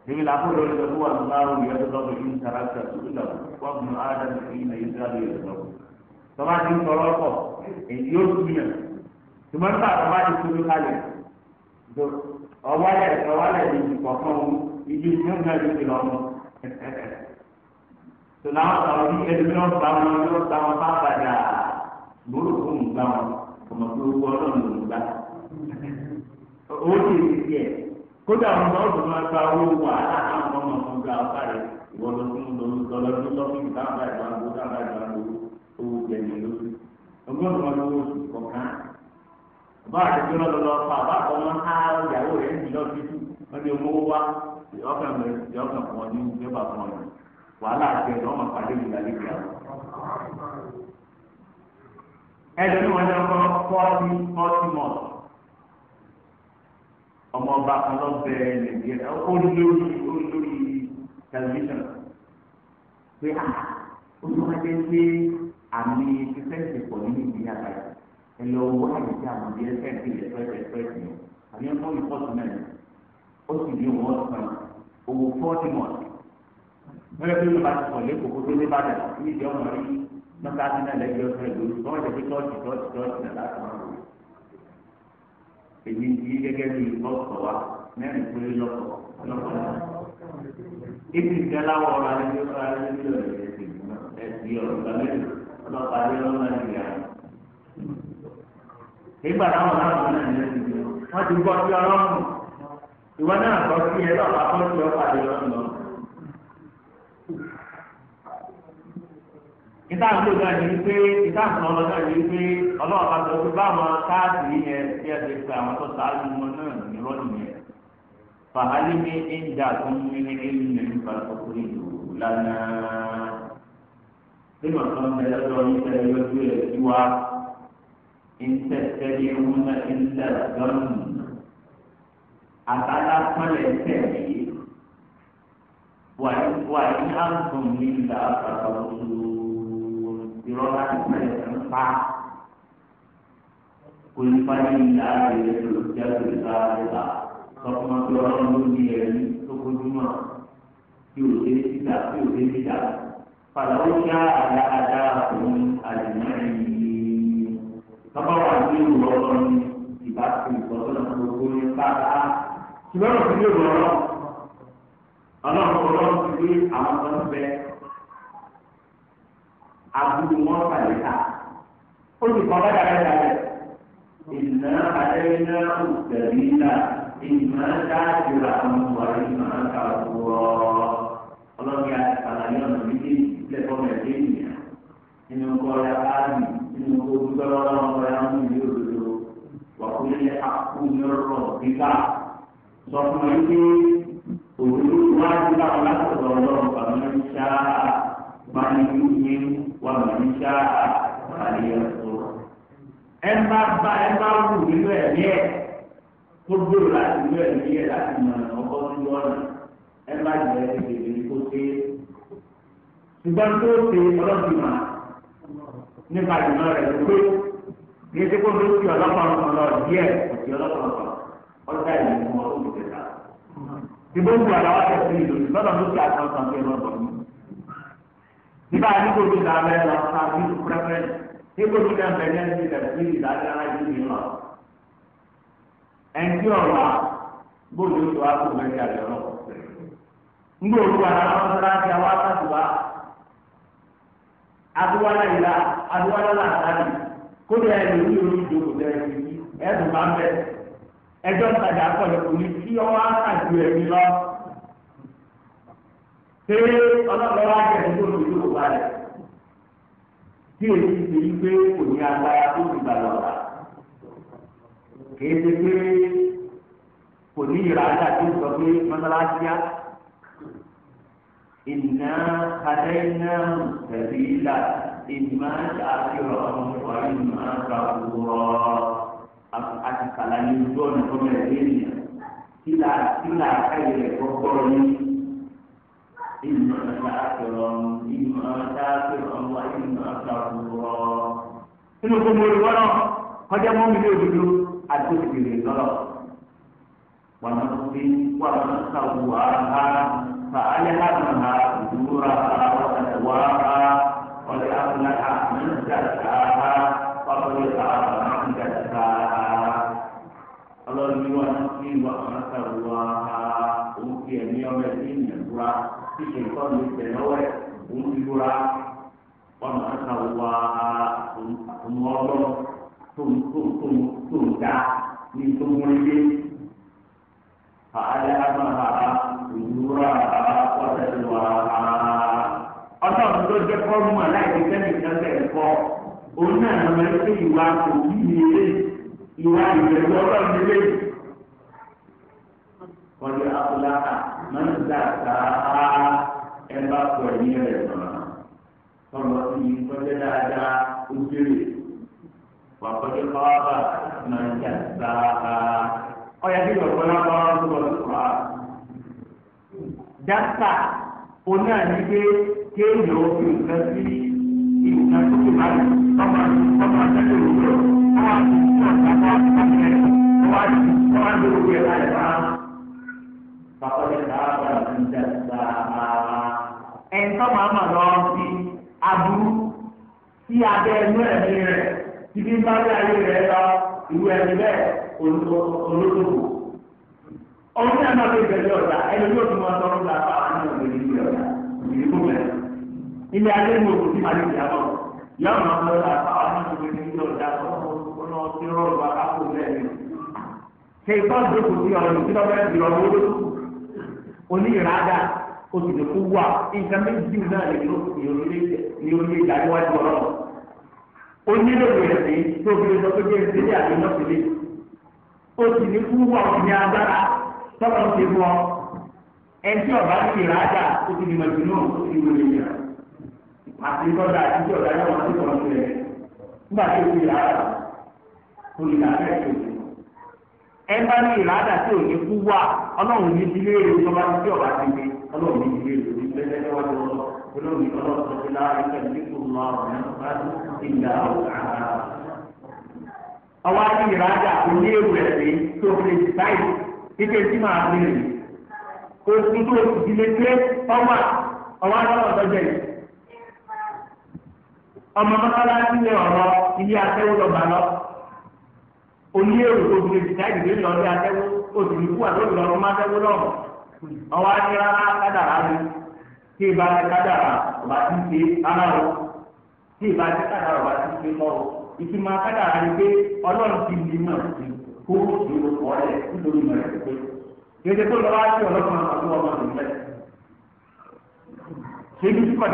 Èmi là kó lórí ẹ̀kú wà nípa àwọn ìyẹn tó lọ́dọ̀ yìí ń tara ṣe àtúntò wọ́n fún Ádám ìyẹn ìyẹn tó lọ́dọ̀ Tọ́lá ti ń tọrọ èyí yóò túnyẹ̀ ṣùgbọ́n nígbà tó bá ti tóbi kalẹ̀ tó ọwọ́lẹ̀ ọwọ́lẹ̀ lè ti pọ̀ fún un ibi tí ó ń gbàgbé ti lọ́mọ. tó láwọn sọ̀rọ̀ bí ẹni ló ń ta wọn ló wọn bá padà gbòòrò fún gbà wọn ọmọ tó gbọ́ ọlọ́run ló ń gbà. owó ti di tiẹ̀ kódà wọn bá ọdún máa gba owó wàhálà àwọn ọmọ ọmọ gba ọba rẹ ìwọ lọ sí lọlọdún lọfíìsì táwọn bá ìgbà ń gbó táwọn bá ìgbà ń gbó owó jẹ ní lóṣù ọgọ́rùn-ún ọdún oṣù bá àtẹjọ́ lọ́dọ̀ lọ fà bá àtọ́ wọn á ìyàwó rẹ̀ ń jìnnà títú wọn ni owó wá ìyọ́kàn rẹ̀ ìyọ́kàn fún ní ìjọba fún ọ yìí wàhálà àti ẹ̀dọ́ ọmọ pàdé mi lálẹ́ ìgbà wọn. ẹ̀dọ́ ni wọ́n yẹ kọ́ fọ́ọ̀tì fọ́ọ̀tì mọ̀ ọmọ kan lọ bẹ nàìjíríà ó lórí tẹlifíṣàn pé ah, ó ti pé àmì ìfẹsẹ̀ pọ̀ nínú ìgbéyàwó ẹ̀yọ̀ owó àyè tí àwọn ọmọdé ẹ̀fẹ́ ti ẹ̀fẹ́ ẹ̀fẹ́ ti o àbí ẹ̀fọ́ ìfọ́sùn mẹ́rin ó sì ní owó ọ̀sán owó fọ́ọ̀tì mọ̀ mẹ́rẹ̀ bí wọ́n bá ti sọ̀ lẹ́kọ̀ọ́ kó tó lé bá dàgbà ní ìdí ọmọ rí lọ́sà á ti náà lẹ́gbẹ̀ẹ́ ọ̀sẹ̀ lórí wọ́n jẹ́ pé tọ́ọ̀tì tọ́ọ̀tì tọ́ọ̀tì náà láti máa wò èmi ti gẹ́gẹ́ bí ọ̀sọ̀ wa mẹ́rin péré lọ́kọ̀ lọ́kọ̀ náà ibi ìdẹ́láwọ̀ ọ̀rọ̀ ayélujára ayélujára ẹ̀sìn ẹ̀sìn ọ̀rọ̀ ìgbàlejò ọlọ́pàá ayélujára ìgbàlejò nígbà táwọn láwọn náà ní ẹni wọn ti gbọ́ sí ọlọ́run ìwọ náà gbọ́ sí ẹ lọ́pàá tó ti ọ pàdé lọ́nà. ìta ń lòdà ní pé ìta ń sọ lọ́dà ní pé ọlọ́run bá sọ pé báwọn káàdì yẹn ti ẹ̀ ti pé àwọn tó sáájú wọn náà nírọ́ nìyẹn. فعلم عندكم من علم فتخرجه لنا bí wọn kàn ń bẹ lọ́dọ̀ yìí tẹ́lẹ̀ yọjú ẹ sí wa إن تتبعون إلا الظن أتانا فلتبعي وإن وإن أنتم إلا تقولون برغة فلتنفع قل فلله الحجة البالغة sọkùnrin tó ọlọ́run ló ní ẹ̀rí tó bójúmọ́ tí ò lé síta tí ò lé síta padà ó yá àdáadáa òun àdìmọ́ ẹ̀yìn sábà wà ní ìlú ọlọ́run ìbá ti ìtọ́sọ́nà gbogbo ní pátá. ṣùgbọ́n òfin ní ìlú ọlọ́run ọlọ́run ọlọ́run ti rí àwọn tó ń bẹ àbúrò wọn pàdé ta. ó sì kọ́ bá dàgbà dàgbà ìnà àdéhìnà òtẹ̀lì náà ìmọ̀ dájúra àwọn ọ̀rẹ́ ìmọ̀ àkàwọ̀ ọlọ́run yà àlàyé ọ̀nà méjèèjì lẹ́kọ̀ọ́ mẹ́rin nínú kọ́ ya áàbì nínú kó dúpẹ́ lọ́wọ́ mìíràn bíkà sọ fún mi pé òwúrọ̀ wá nígbà wọn látọ̀dọ̀ ọlọ́run bàbá mi ṣá bani yíyí wà mí ṣá àlẹ́ ọ̀tọ̀. ẹ bá bá ẹ bá wù nínú ẹ̀mí ẹ̀ tó gbèrò láti nínú ẹ̀mí ẹ̀ láti mọ̀ ọkọ̀ sí ọ̀nà ẹ bá jẹ́ ìdèmí ní kó ṣe ṣùgbọ́n tó ṣe ọlọ́sìn mà nípa ìmọ̀ rẹ̀ ló pé bí ẹsẹ̀ kó ló ti ọlọ́pàá kan lọ díẹ̀ kò ti ọlọ́pàá kan ọ̀dà ìlú fún ọdún tó tẹ̀sà. Ìbò ń bu àdáwà tẹ̀sí ìlú lọ́dọ̀ ló ti àtàn kan fẹ́ lọ́dọ̀ mi. Nígbà tí kò ní ìlànà ẹ̀ lọ sa bí pẹ́pẹ́ tí kò ní ìlànà ẹ̀ ní ìlànà sí ìlànà ayé mi lọ. Ẹ̀ńtí ọ̀la gbòòdì oṣù wa kò mẹ́rin àjọ lọ. Ngbò olú wa náà wọ́n kódà ẹni ní orí ìdòwò lẹ́yìn yìí ẹ̀dùn máa ń bẹ̀. ẹjọ́ ìtajà akọ̀lẹ̀ kò ní kí ọwọ́ àtàjù ẹ̀mí lọ. pé ọlọ́pàá wá jẹ́ ẹni tó lò ìdòwò balẹ̀. tí èyí ṣe yí pé kò ní agbára tó ti gbà lọ́la. kìí ṣe pé kò ní ìrànlá tó sọ pé mọ́sálásí á. ìnà kadẹ́ tẹ̀lé ìlà ìmọ̀ àkìrọ̀ wà ìmọ̀ àkàwùrọ̀ àti kàlàyé ojú ọ̀nà tó mẹ́rin lẹ́yìn kílà kílà káyé rẹ̀ kọ́kọ́rọ́ ní ìmọ̀ àkìrọ̀ ìmọ̀ àkàwùrọ̀ wà ìmọ̀ àkàwùrọ̀. nínú kó mo rí wọ́n kọjá mọ́ mi ní òdodo àti òkèèrè lọ́rọ̀ wà á fi wà á sàwùwà á fà á yẹ ká mọ̀ ha ìdúró ra ha wà á sàwùwà قد أفلح من زكاها وقد خاب من دساها Ọlọ́run ni wọ́n ti wà wọ́n sọ̀rọ̀ wá òun fi ẹ̀mí ọmọ ẹ̀mí ìyẹ̀dúrà tí kì í tọ́nu ìtẹ̀lọ́wọ́ ẹ̀ òun ti dúra wọ́n máa ń sọ̀rọ̀ wá òun ọlọ́run tó ń tó ń tó ń tó ń dá ní tó ń wọ́n yé. Àádé á máa ha òun dúra wọ́n tẹ̀lé wá ha ọlọ́run ló jẹ́ kọ́ mú aláìsí sẹ́ni ìtẹ́sẹ̀ ẹ̀kọ́ òun náà lọ́mọ ẹ pé ìwà kò kí ìrèlè ìwà ìrèlè ọlọ́run nílé. kọ́lé afúláhà máa ń dà sáà ẹ bá pọ̀ ẹ̀yìn rẹ̀ mọ́. kọ́lọ́ sí i kọ́lé dáadáa ó kéré wà kọ́lé kọ́lábà máa ń dà sáà. ọ̀yà bí wọ́n kọ́lá bá wọn tó wọ́n tó wá. dáta onáà ní pé kéèyàn ó fi nǹkan sí nǹkan tó ti báyìí ọmọ ọmọ àtẹ́lẹ̀ òwúrọ̀ wọ́n wá sí ọ̀sán wọ́n wá sí pàṣẹ wọ́n wá sí wọ́n wá sí gbogbo ẹ̀ láì bá pàpọ̀lẹ̀ káàbà ń dàgbà. ẹni tó máa mà lọ sí aburú sí abẹ́ ẹnu ẹ̀mí rẹ̀ tí bí bá rí ayé rẹ̀ lọ ìwé ẹ̀mí bẹ́ẹ̀ olódòwò. ọdún náà máa fi bẹ̀rẹ̀ ọ̀dà ẹni yóò fi wọn tọrọ gbà fáwọn àwọn ọmọ ìlú ọ̀dà ìlú mẹ́rin ilé ayé ní òkú tí màlúù yà bọ̀ yọ ọ̀nà ọ̀dọ́ àtàwọn anáṣẹ́gbẹ́ ní ìjọ ọ̀dà ọ̀nà ọ̀tí rọrùn àkàkọ́ bẹ́ẹ̀ ni. ṣe ìtọ́ ìdókòó sí ọ̀rọ̀ tí lọ́wọ́ ẹ̀ dìrọ̀ owó oní ìrádà oṣù kó wà nǹkan méjì náà lè ló ní orílẹ̀ èdè àríwájú ọ̀rọ̀ onílòwò ẹ̀sìn tó fi lè sọ pé bẹ́ẹ̀ sílé àti lọ́sílẹ̀ oṣù ní kú wà ní agbára tọ́lọ́ ti bọ́ ẹni tí ọ̀bá ti ìrádà oṣù ní màdùnú oṣù ní wọlé yàrá. àti kọ́dà àti ọ̀dà yóò máa tẹ̀wọ̀n sí rẹ̀ nígbà tí o fi làádà o lè là bẹ́ẹ̀ tó ẹ bá ní tí ò ní kú ọlọ́run ní tí ti gbé ọlọ́run ní ní lọ́wọ́ ọlọ́run ní ọlọ́run tó pẹ̀lú ọwọ́ á ní ẹ̀ pé fi báyìí kíkẹ́ tí máa tó ti ọmọ mọ́sálásí lé ọ̀rọ̀ ilé atẹ́wó lọ́ba lọ. oní èrò obìnrin ti dáì dìde lọ ilé atẹ́wó obìnrin kú ọwọ́ á ní rárá ni ọba ti ṣe o tí ìbá ti kádàrá ọba ti ṣe mọ́ o. ìtumọ̀ kádàrá ni pé ọlọ́run ti di mọ̀ sí kó nítorí mọ̀ pé. tó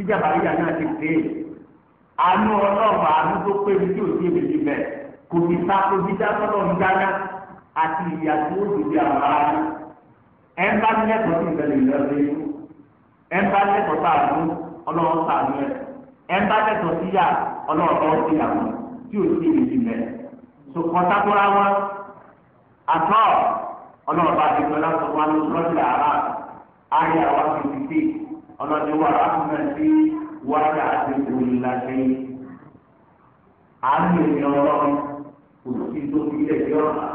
tíjà bàríyà náà ti pè é àánú ọlọ́run àánú tó pé mi tí ò sí èmi níbẹ̀ kò ní ta omi dáná lọ́run dáná àti ìyá tí ó dùn bí àwọn ará ẹ̀ ń bá lẹ́kọ̀ọ́ sí ìbẹ̀rẹ̀ ìlọ́run yìí ẹ̀ ń bá lẹ́kọ̀ọ́ sàánú ọlọ́run sàánú ẹ̀ ẹ̀ ń bá lẹ́kọ̀ọ́ sí yà ọlọ́run sí àwọn tí ò sí èmi níbẹ̀ so kọ́tàkùrà wọn àtọ́ ọlọ́run bá ti gbọ́dọ̀ sọ wọn lọ́sọ̀rọ̀ ọlọ́ni wa rahmatí wa káàdì òlìlàṣẹ àánú èmi ọlọ́run kò sí tó fi ilẹ̀ yọ ọ̀la.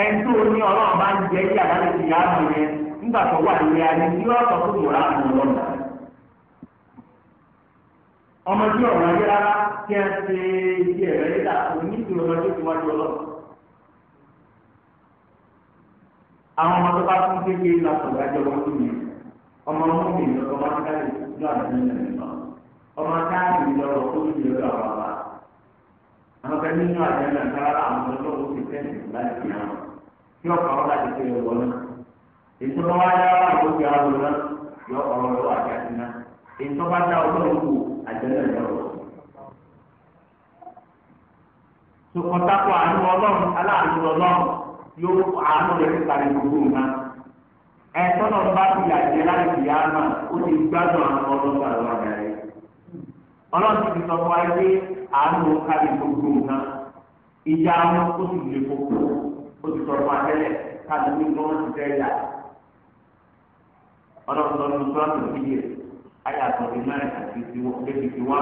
ẹni tó ní ọlọ́run bá ń jẹ kí àdáyé ti yá àmì yẹn nígbà tó wà nílé ayé ní ọ̀sán tó lò láàmú ọlọ́run. ọmọ ọ̀rọ̀ ayé rárá kí ẹ ṣe ibi ẹ̀rọ yìí dà ọmọdé tó wájú ọlọ́run. àwọn ọmọ bá tún kékeré lásán ìdájọ́ wọn tó ọmọ mọ́tì lọ́dọ̀ máa ń káyọ̀ lọ́dọ̀ àti ìṣẹ̀lẹ̀ náà ọmọ káyọ̀ lọ́dọ̀ ó ti lọ́dọ̀ àwọn àbá àwọn bẹ́ẹ̀ nínú àjẹ́ náà kára àwọn ọlọ́wọ́ ti tẹ̀sí láti fi hàn kí ọkọ̀ ọ̀la ti fi wọ̀ náà ètò bá wá wà ló fi àwọn náà yọ ọ̀rọ̀ lọ́wọ́ àti àti náà ètò dá ọlọ́wọ́ wò náà yọ ọ̀rọ̀ àánú ọlọ́run aláàánú ọlọ́run yóò àánú rẹ̀ nípa ẹtọ́nà bá ti yàjẹ́ láti yá mà ó ti gbádùn àwọn ọlọ́gbà lọ́dà rẹ̀. ọlọ́run ti sọ fún wa pé àánú kárí gbogbo nǹkan ìjà wọn ó sì lè kókó ó ti sọ fún wa káàdì ní kí wọ́n ti fẹ́ yà. ọlọ́run sọ fún sọ́ọ̀tù níyẹ ayàtọ̀ ní mẹ́rin àti fífi fi wá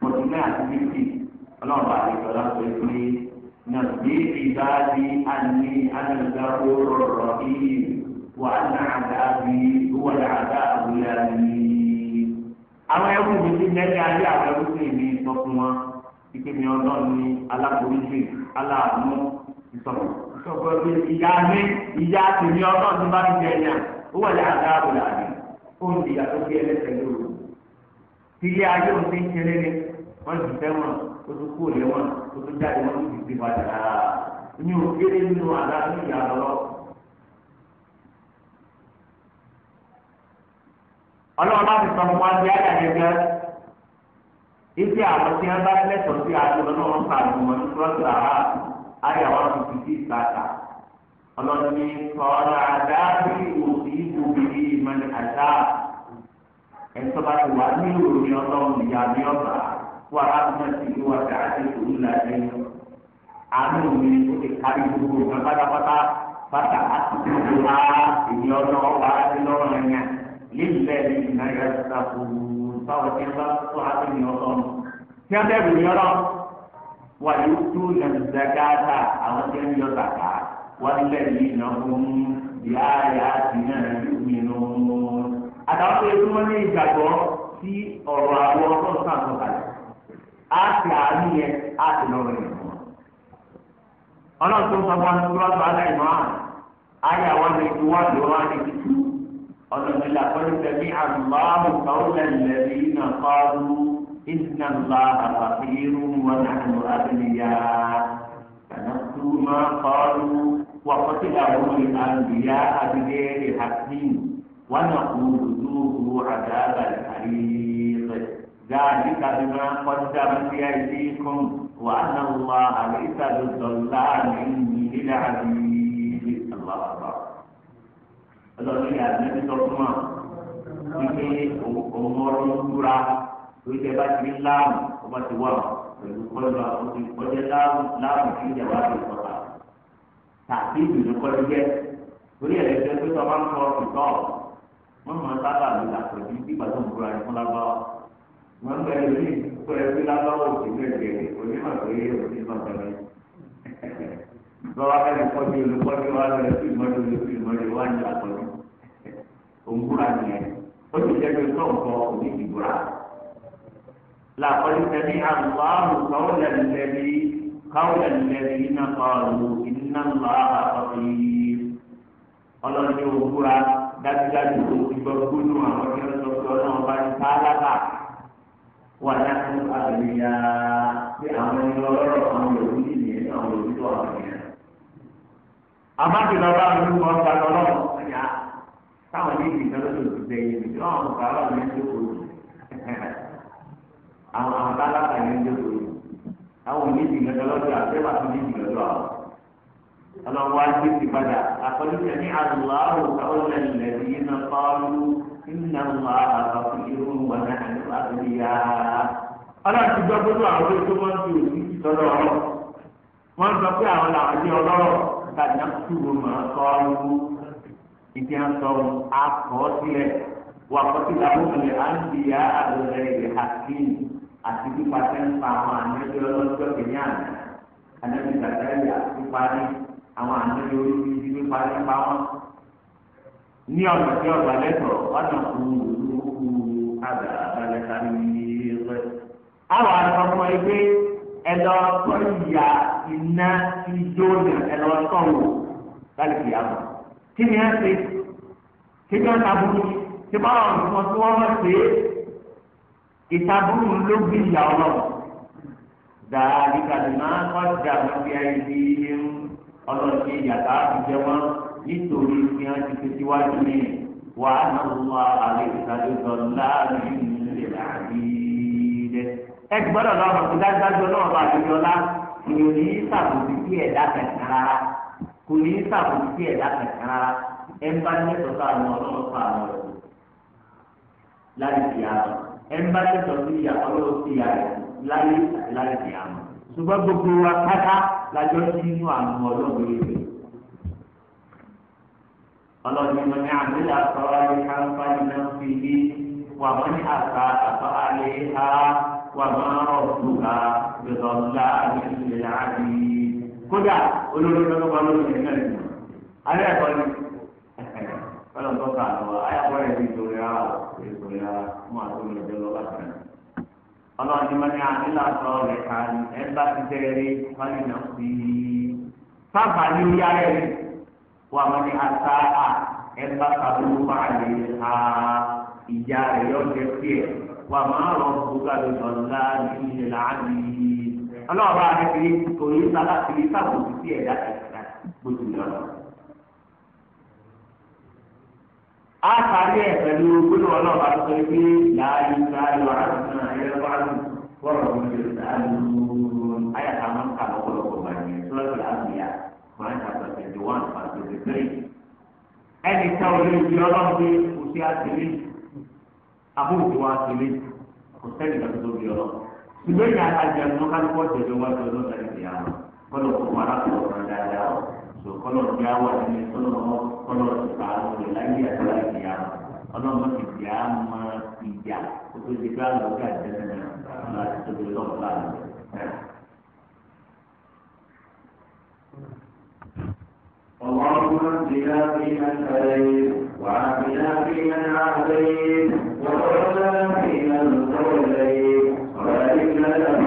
pọ̀jù mẹ́rin àti fífi ọlọ́run bá ti sọ pé nàbí ìdájí àní ànàgbà ó rọrọ̀ yìí. وأن عذابي هو العذاب الأليم àwọn ẹrú mi ti lẹ́yìn ayé àwọn ẹrú sí mi sọ fún wọn ike mi ọlọ́run ní alákòóso aláàánú ìsọ̀rọ̀ ìsọ̀rọ̀ pé ìyá mi ìyá tèmi ọlọ́run ti bá mi jẹ ẹ̀yà wà láàá dáàbò láàbì ó ń dìyà tó bí ẹlẹ́sẹ̀ lóru tí ilé ayé òun ti ń ṣeré ni wọ́n ti fẹ́ wọn ó tún kú òlé wọn tún jáde wọn ó ti fi padà rárá ní òkèlè nínú àdá tó yà lọ́wọ́. ọlọ́run bá ti sọ fún wa bí ayé àyẹ̀gẹ́ ibi àwọn tí wọ́n bá lẹ́tọ̀ọ́ sí àjọ ọlọ́run ká lù wọ́n ní kúrọ́sì àrà ayé àwọn tuntun sí ìtajà ọlọ́run ní kọ́ra dábì òbí òbí ìmọ̀lẹ̀ àjà ẹ̀tọ́ bá ti wà ní ìròyìn ọlọ́run ìyá mi ọ̀bà fún arákùnrin ti ní wọ́n ti àti ìṣòro làjẹ́ yẹn àánú mi ó ti kárí gbogbo nǹkan pátápátá bàtà àti ìṣòro àá ìyẹn ọlọ́run lílẹ̀ ìgbà yà sàkó báwo tí a bá tó àti ní ọlọ́run tí a bẹ̀rù ní ọlọ́run wà yóò tó nàìjíríà àwọn tí a ń yọ sàkà wà lílẹ̀ yìí nà fún yà yà sí náà yóò mi nù. àtàwọn tó yẹ kí wọ́n ní ìgbàgbọ́ sí ọ̀rọ̀ àwọn ọlọ́run náà tó kalẹ̀ á sì àánú yẹn á sì lọ́rọ̀ yẹn fún ọlọ́run tó sọ fún wa ní kúrọ́sì قالوا بلا قل سميع الله قول الذين قالوا إن الله فقير ونحن أغنياء فنسوا ما قالوا وقتلهم الأنبياء بغير حق ونقول ذوقوا عذاب الحريق ذلك بما قدمت أيديكم وأن الله ليس بالظلام إني العزيز الله أكبر ọlọ́ọ̀ni àdínẹ́bí sọ fún wa wípé òun ọrọ̀ ń dúra wípé bá ti rí láàmù ọba ti wà pẹ̀lú kọ́lù àkókò ọjọ́ láàmù láàmù kí ìjàmbá ti sọ̀tà tàbí ìdùnnú kọ́lù jẹ́ torí ẹ̀rẹ́ jẹ́ pé sọ́mà ń sọ ìtọ́ wọ́n mọ̀ sábà lè là pẹ̀lú ìgbà tó ń dúra ní fún lágbáwá wọ́n bẹ̀rẹ̀ ní pẹ̀lú pé lágbáwá òsì lẹ́gbẹ̀ẹ́ onímọ̀ pé òsì náà tẹ̀lé lọ́wọ́ òǹkúra nìyẹn ó sì jẹ́ pé sọ̀nkọ́ òní ìdìbòrà. làkọ́lé tẹ̀lé àlùbáàmù káwọ́lẹ̀ lẹ́bi káwọ́lẹ̀ lẹ́bi iná kọ́ọ̀lù iná ńlá àkọ́bí. ọlọ́ni òǹkúra dájúdájú tó ti gbọ́ gbónú àwọn tí wọ́n sọ pé ọlọ́run bá ti pa á lábà. wà láti àgbẹ̀yà pé àwọn ẹni ọlọ́rọ̀ àwọn yòókù nìyẹn àwọn yòókù tó àwọn yẹn. àmọ́ àti lọ́ba mi kọ́ ọ́ táwọn ní ìdìkan ló lòdì sẹ́yìn ní ìdíwọ̀n àwọn kàrà ní ẹjọ́ òòlù àwọn àwọn tálákà ní ẹjọ́ òòlù àwọn ní ìdìkan tó lọ́dọ̀ àtẹ́wà tó ní ìdìkan tó àwọn. ọlọ́wọ́ ajé ti padà àkọlùkẹ́ ní aláwọ̀ káwọ́lẹ̀ lẹ́bí iná pàálù iná wà àbàkù irun wà ní àdúrà. ọlọ́run ti gbọ́ gbọ́dọ̀ àwọn tó wọ́n ti òsì sọ́dọ̀ ọ̀rọ̀ wọ́n sọ pé àwọn làwọn jẹ́ ọlọ́rọ̀ ìdí asọ akọsílẹ̀ wà kọsílẹ̀ àbúrò àǹdíyà àbúrò ìlẹ̀ hakim àti pípa sẹ́ńpà àwọn ànábi ọlọ́jọ́ kìíní àná ànábi gàdáyé pípa ní àwọn ànábi oríṣiríṣi pípa nípa wọn. ní ọ̀nà tí ọ̀gá lẹ́tọ̀ wọ́n nà kú lóko àgbà abalẹ̀ kárí rẹ̀. àwọn àtọ́kùn ẹgbẹ́ ẹ̀dọ́ tó ìyà iná ijó ẹ̀dọ́ tó wò lálẹ́ kìí àmọ́ kí ni ẹ ṣe kí ni ẹ taburú tí bá wà nǹkan tí wọ́n wọ́n ṣe ìtaburú ló gbé ìyá ọlọ́run dàbí kàdùnà kọ́jà lọ́bí ayé bí ọlọ́run ṣe yàtá àtijọ́ wọn nítorí fi hàn ti fi síwájú ní wàá náà wọ àlè ìtàlẹ́sọ̀ láàrin ìlú rẹ̀ ẹ ti gbọ́dọ̀ lọ́wọ́ kó dájú ọlọ́run bá àdéjọ́ lá ìròyìn sàbòsí sí ẹ̀dá kẹsàn rárá kò ní sàbòsí sí ẹ̀dá kankan rárá ẹ ń bá nẹ́tọ̀ọ́ sá àwọn ọlọ́run sá àwọn ọ̀rọ̀ láyé ti àmọ́ ẹ ń bá nẹ́tọ̀ọ́ sí ìyá ọlọ́run sí ìyá rẹ̀ láyé àti láyé ti àmọ́ ṣùgbọ́n gbogbo wa pátá lájọ́ nínú àwọn ọlọ́run rẹ̀ ọlọ́run ìmọ̀ ní àmìlà sọ́ra káńpá ní náà fi yí wà mọ́ ní àṣà àtọ́ àlè ha wà mọ́ ọ̀dùnkà ìrọ̀lá àti ìlẹ̀ àdìyí kódà olórí lọ́lọ́pàá lórí ẹ̀ náà nìyẹn alẹ́ ẹ̀kọ́ ni kọ́lọ̀ tó kà lọ ayàkọ́rẹ́ ti torí ara torí ara mú àtúntò ìjọ lọ́ba kan ọlọ́run ti máa ní àdínlá sọ ọ̀rẹ́ kan ẹ̀ bá ti tẹ́lẹ̀ wálé náà sí sábà ní yá rẹ̀ wà máa ní ata à ẹ̀ bá kàdúró bá lè ha ìjà rẹ̀ yọ̀ọ́ jẹ́ pé wà máa rọ̀ bùkà lọ́dọ̀ ńlá ní ilẹ̀ láàbí ọlọ́run bá rẹ kiri kò ní sábà kiri sábò sí ẹ̀dá ẹ̀dá gbòdì lọ́nà. a parí ẹ̀ pẹ̀lú gbóná ọlọ́run bá sọ pé láàyè sáyọ àdúgbò ẹ̀rọ bá lù wọ́ọ̀rọ̀ mi lè sá lùú ayàtà máa ń kà lọ́pọ̀lọpọ̀ bá yẹn sọ́ọ̀tì àbíyá máa ń tàbí twenty one and twenty three ìgbé ní alájà ní wọn ká lóko ọ̀sẹ̀ ló wá lọ lọ́sẹ̀ ní ìyá wọn kọ́lọ̀ kó wọn aláṣọ ọ̀rọ̀ dáadáa ọ̀ tó kọ́lọ̀ bí awọ ẹni kọ́lọ̀ kọ́lọ̀ ti pa àwọn ọ̀rẹ́ láyé àti láyé ìyá wọn ọlọ́mọ ti di àmọ́ ìjà kó tó di bá lọ ká ìdẹ́sẹ̀ náà láti tó di lọ́wọ́ láàrin. اللهم اهدنا فيمن هديت وعافنا فيمن عافيت وارزقنا فيمن توليت Amen.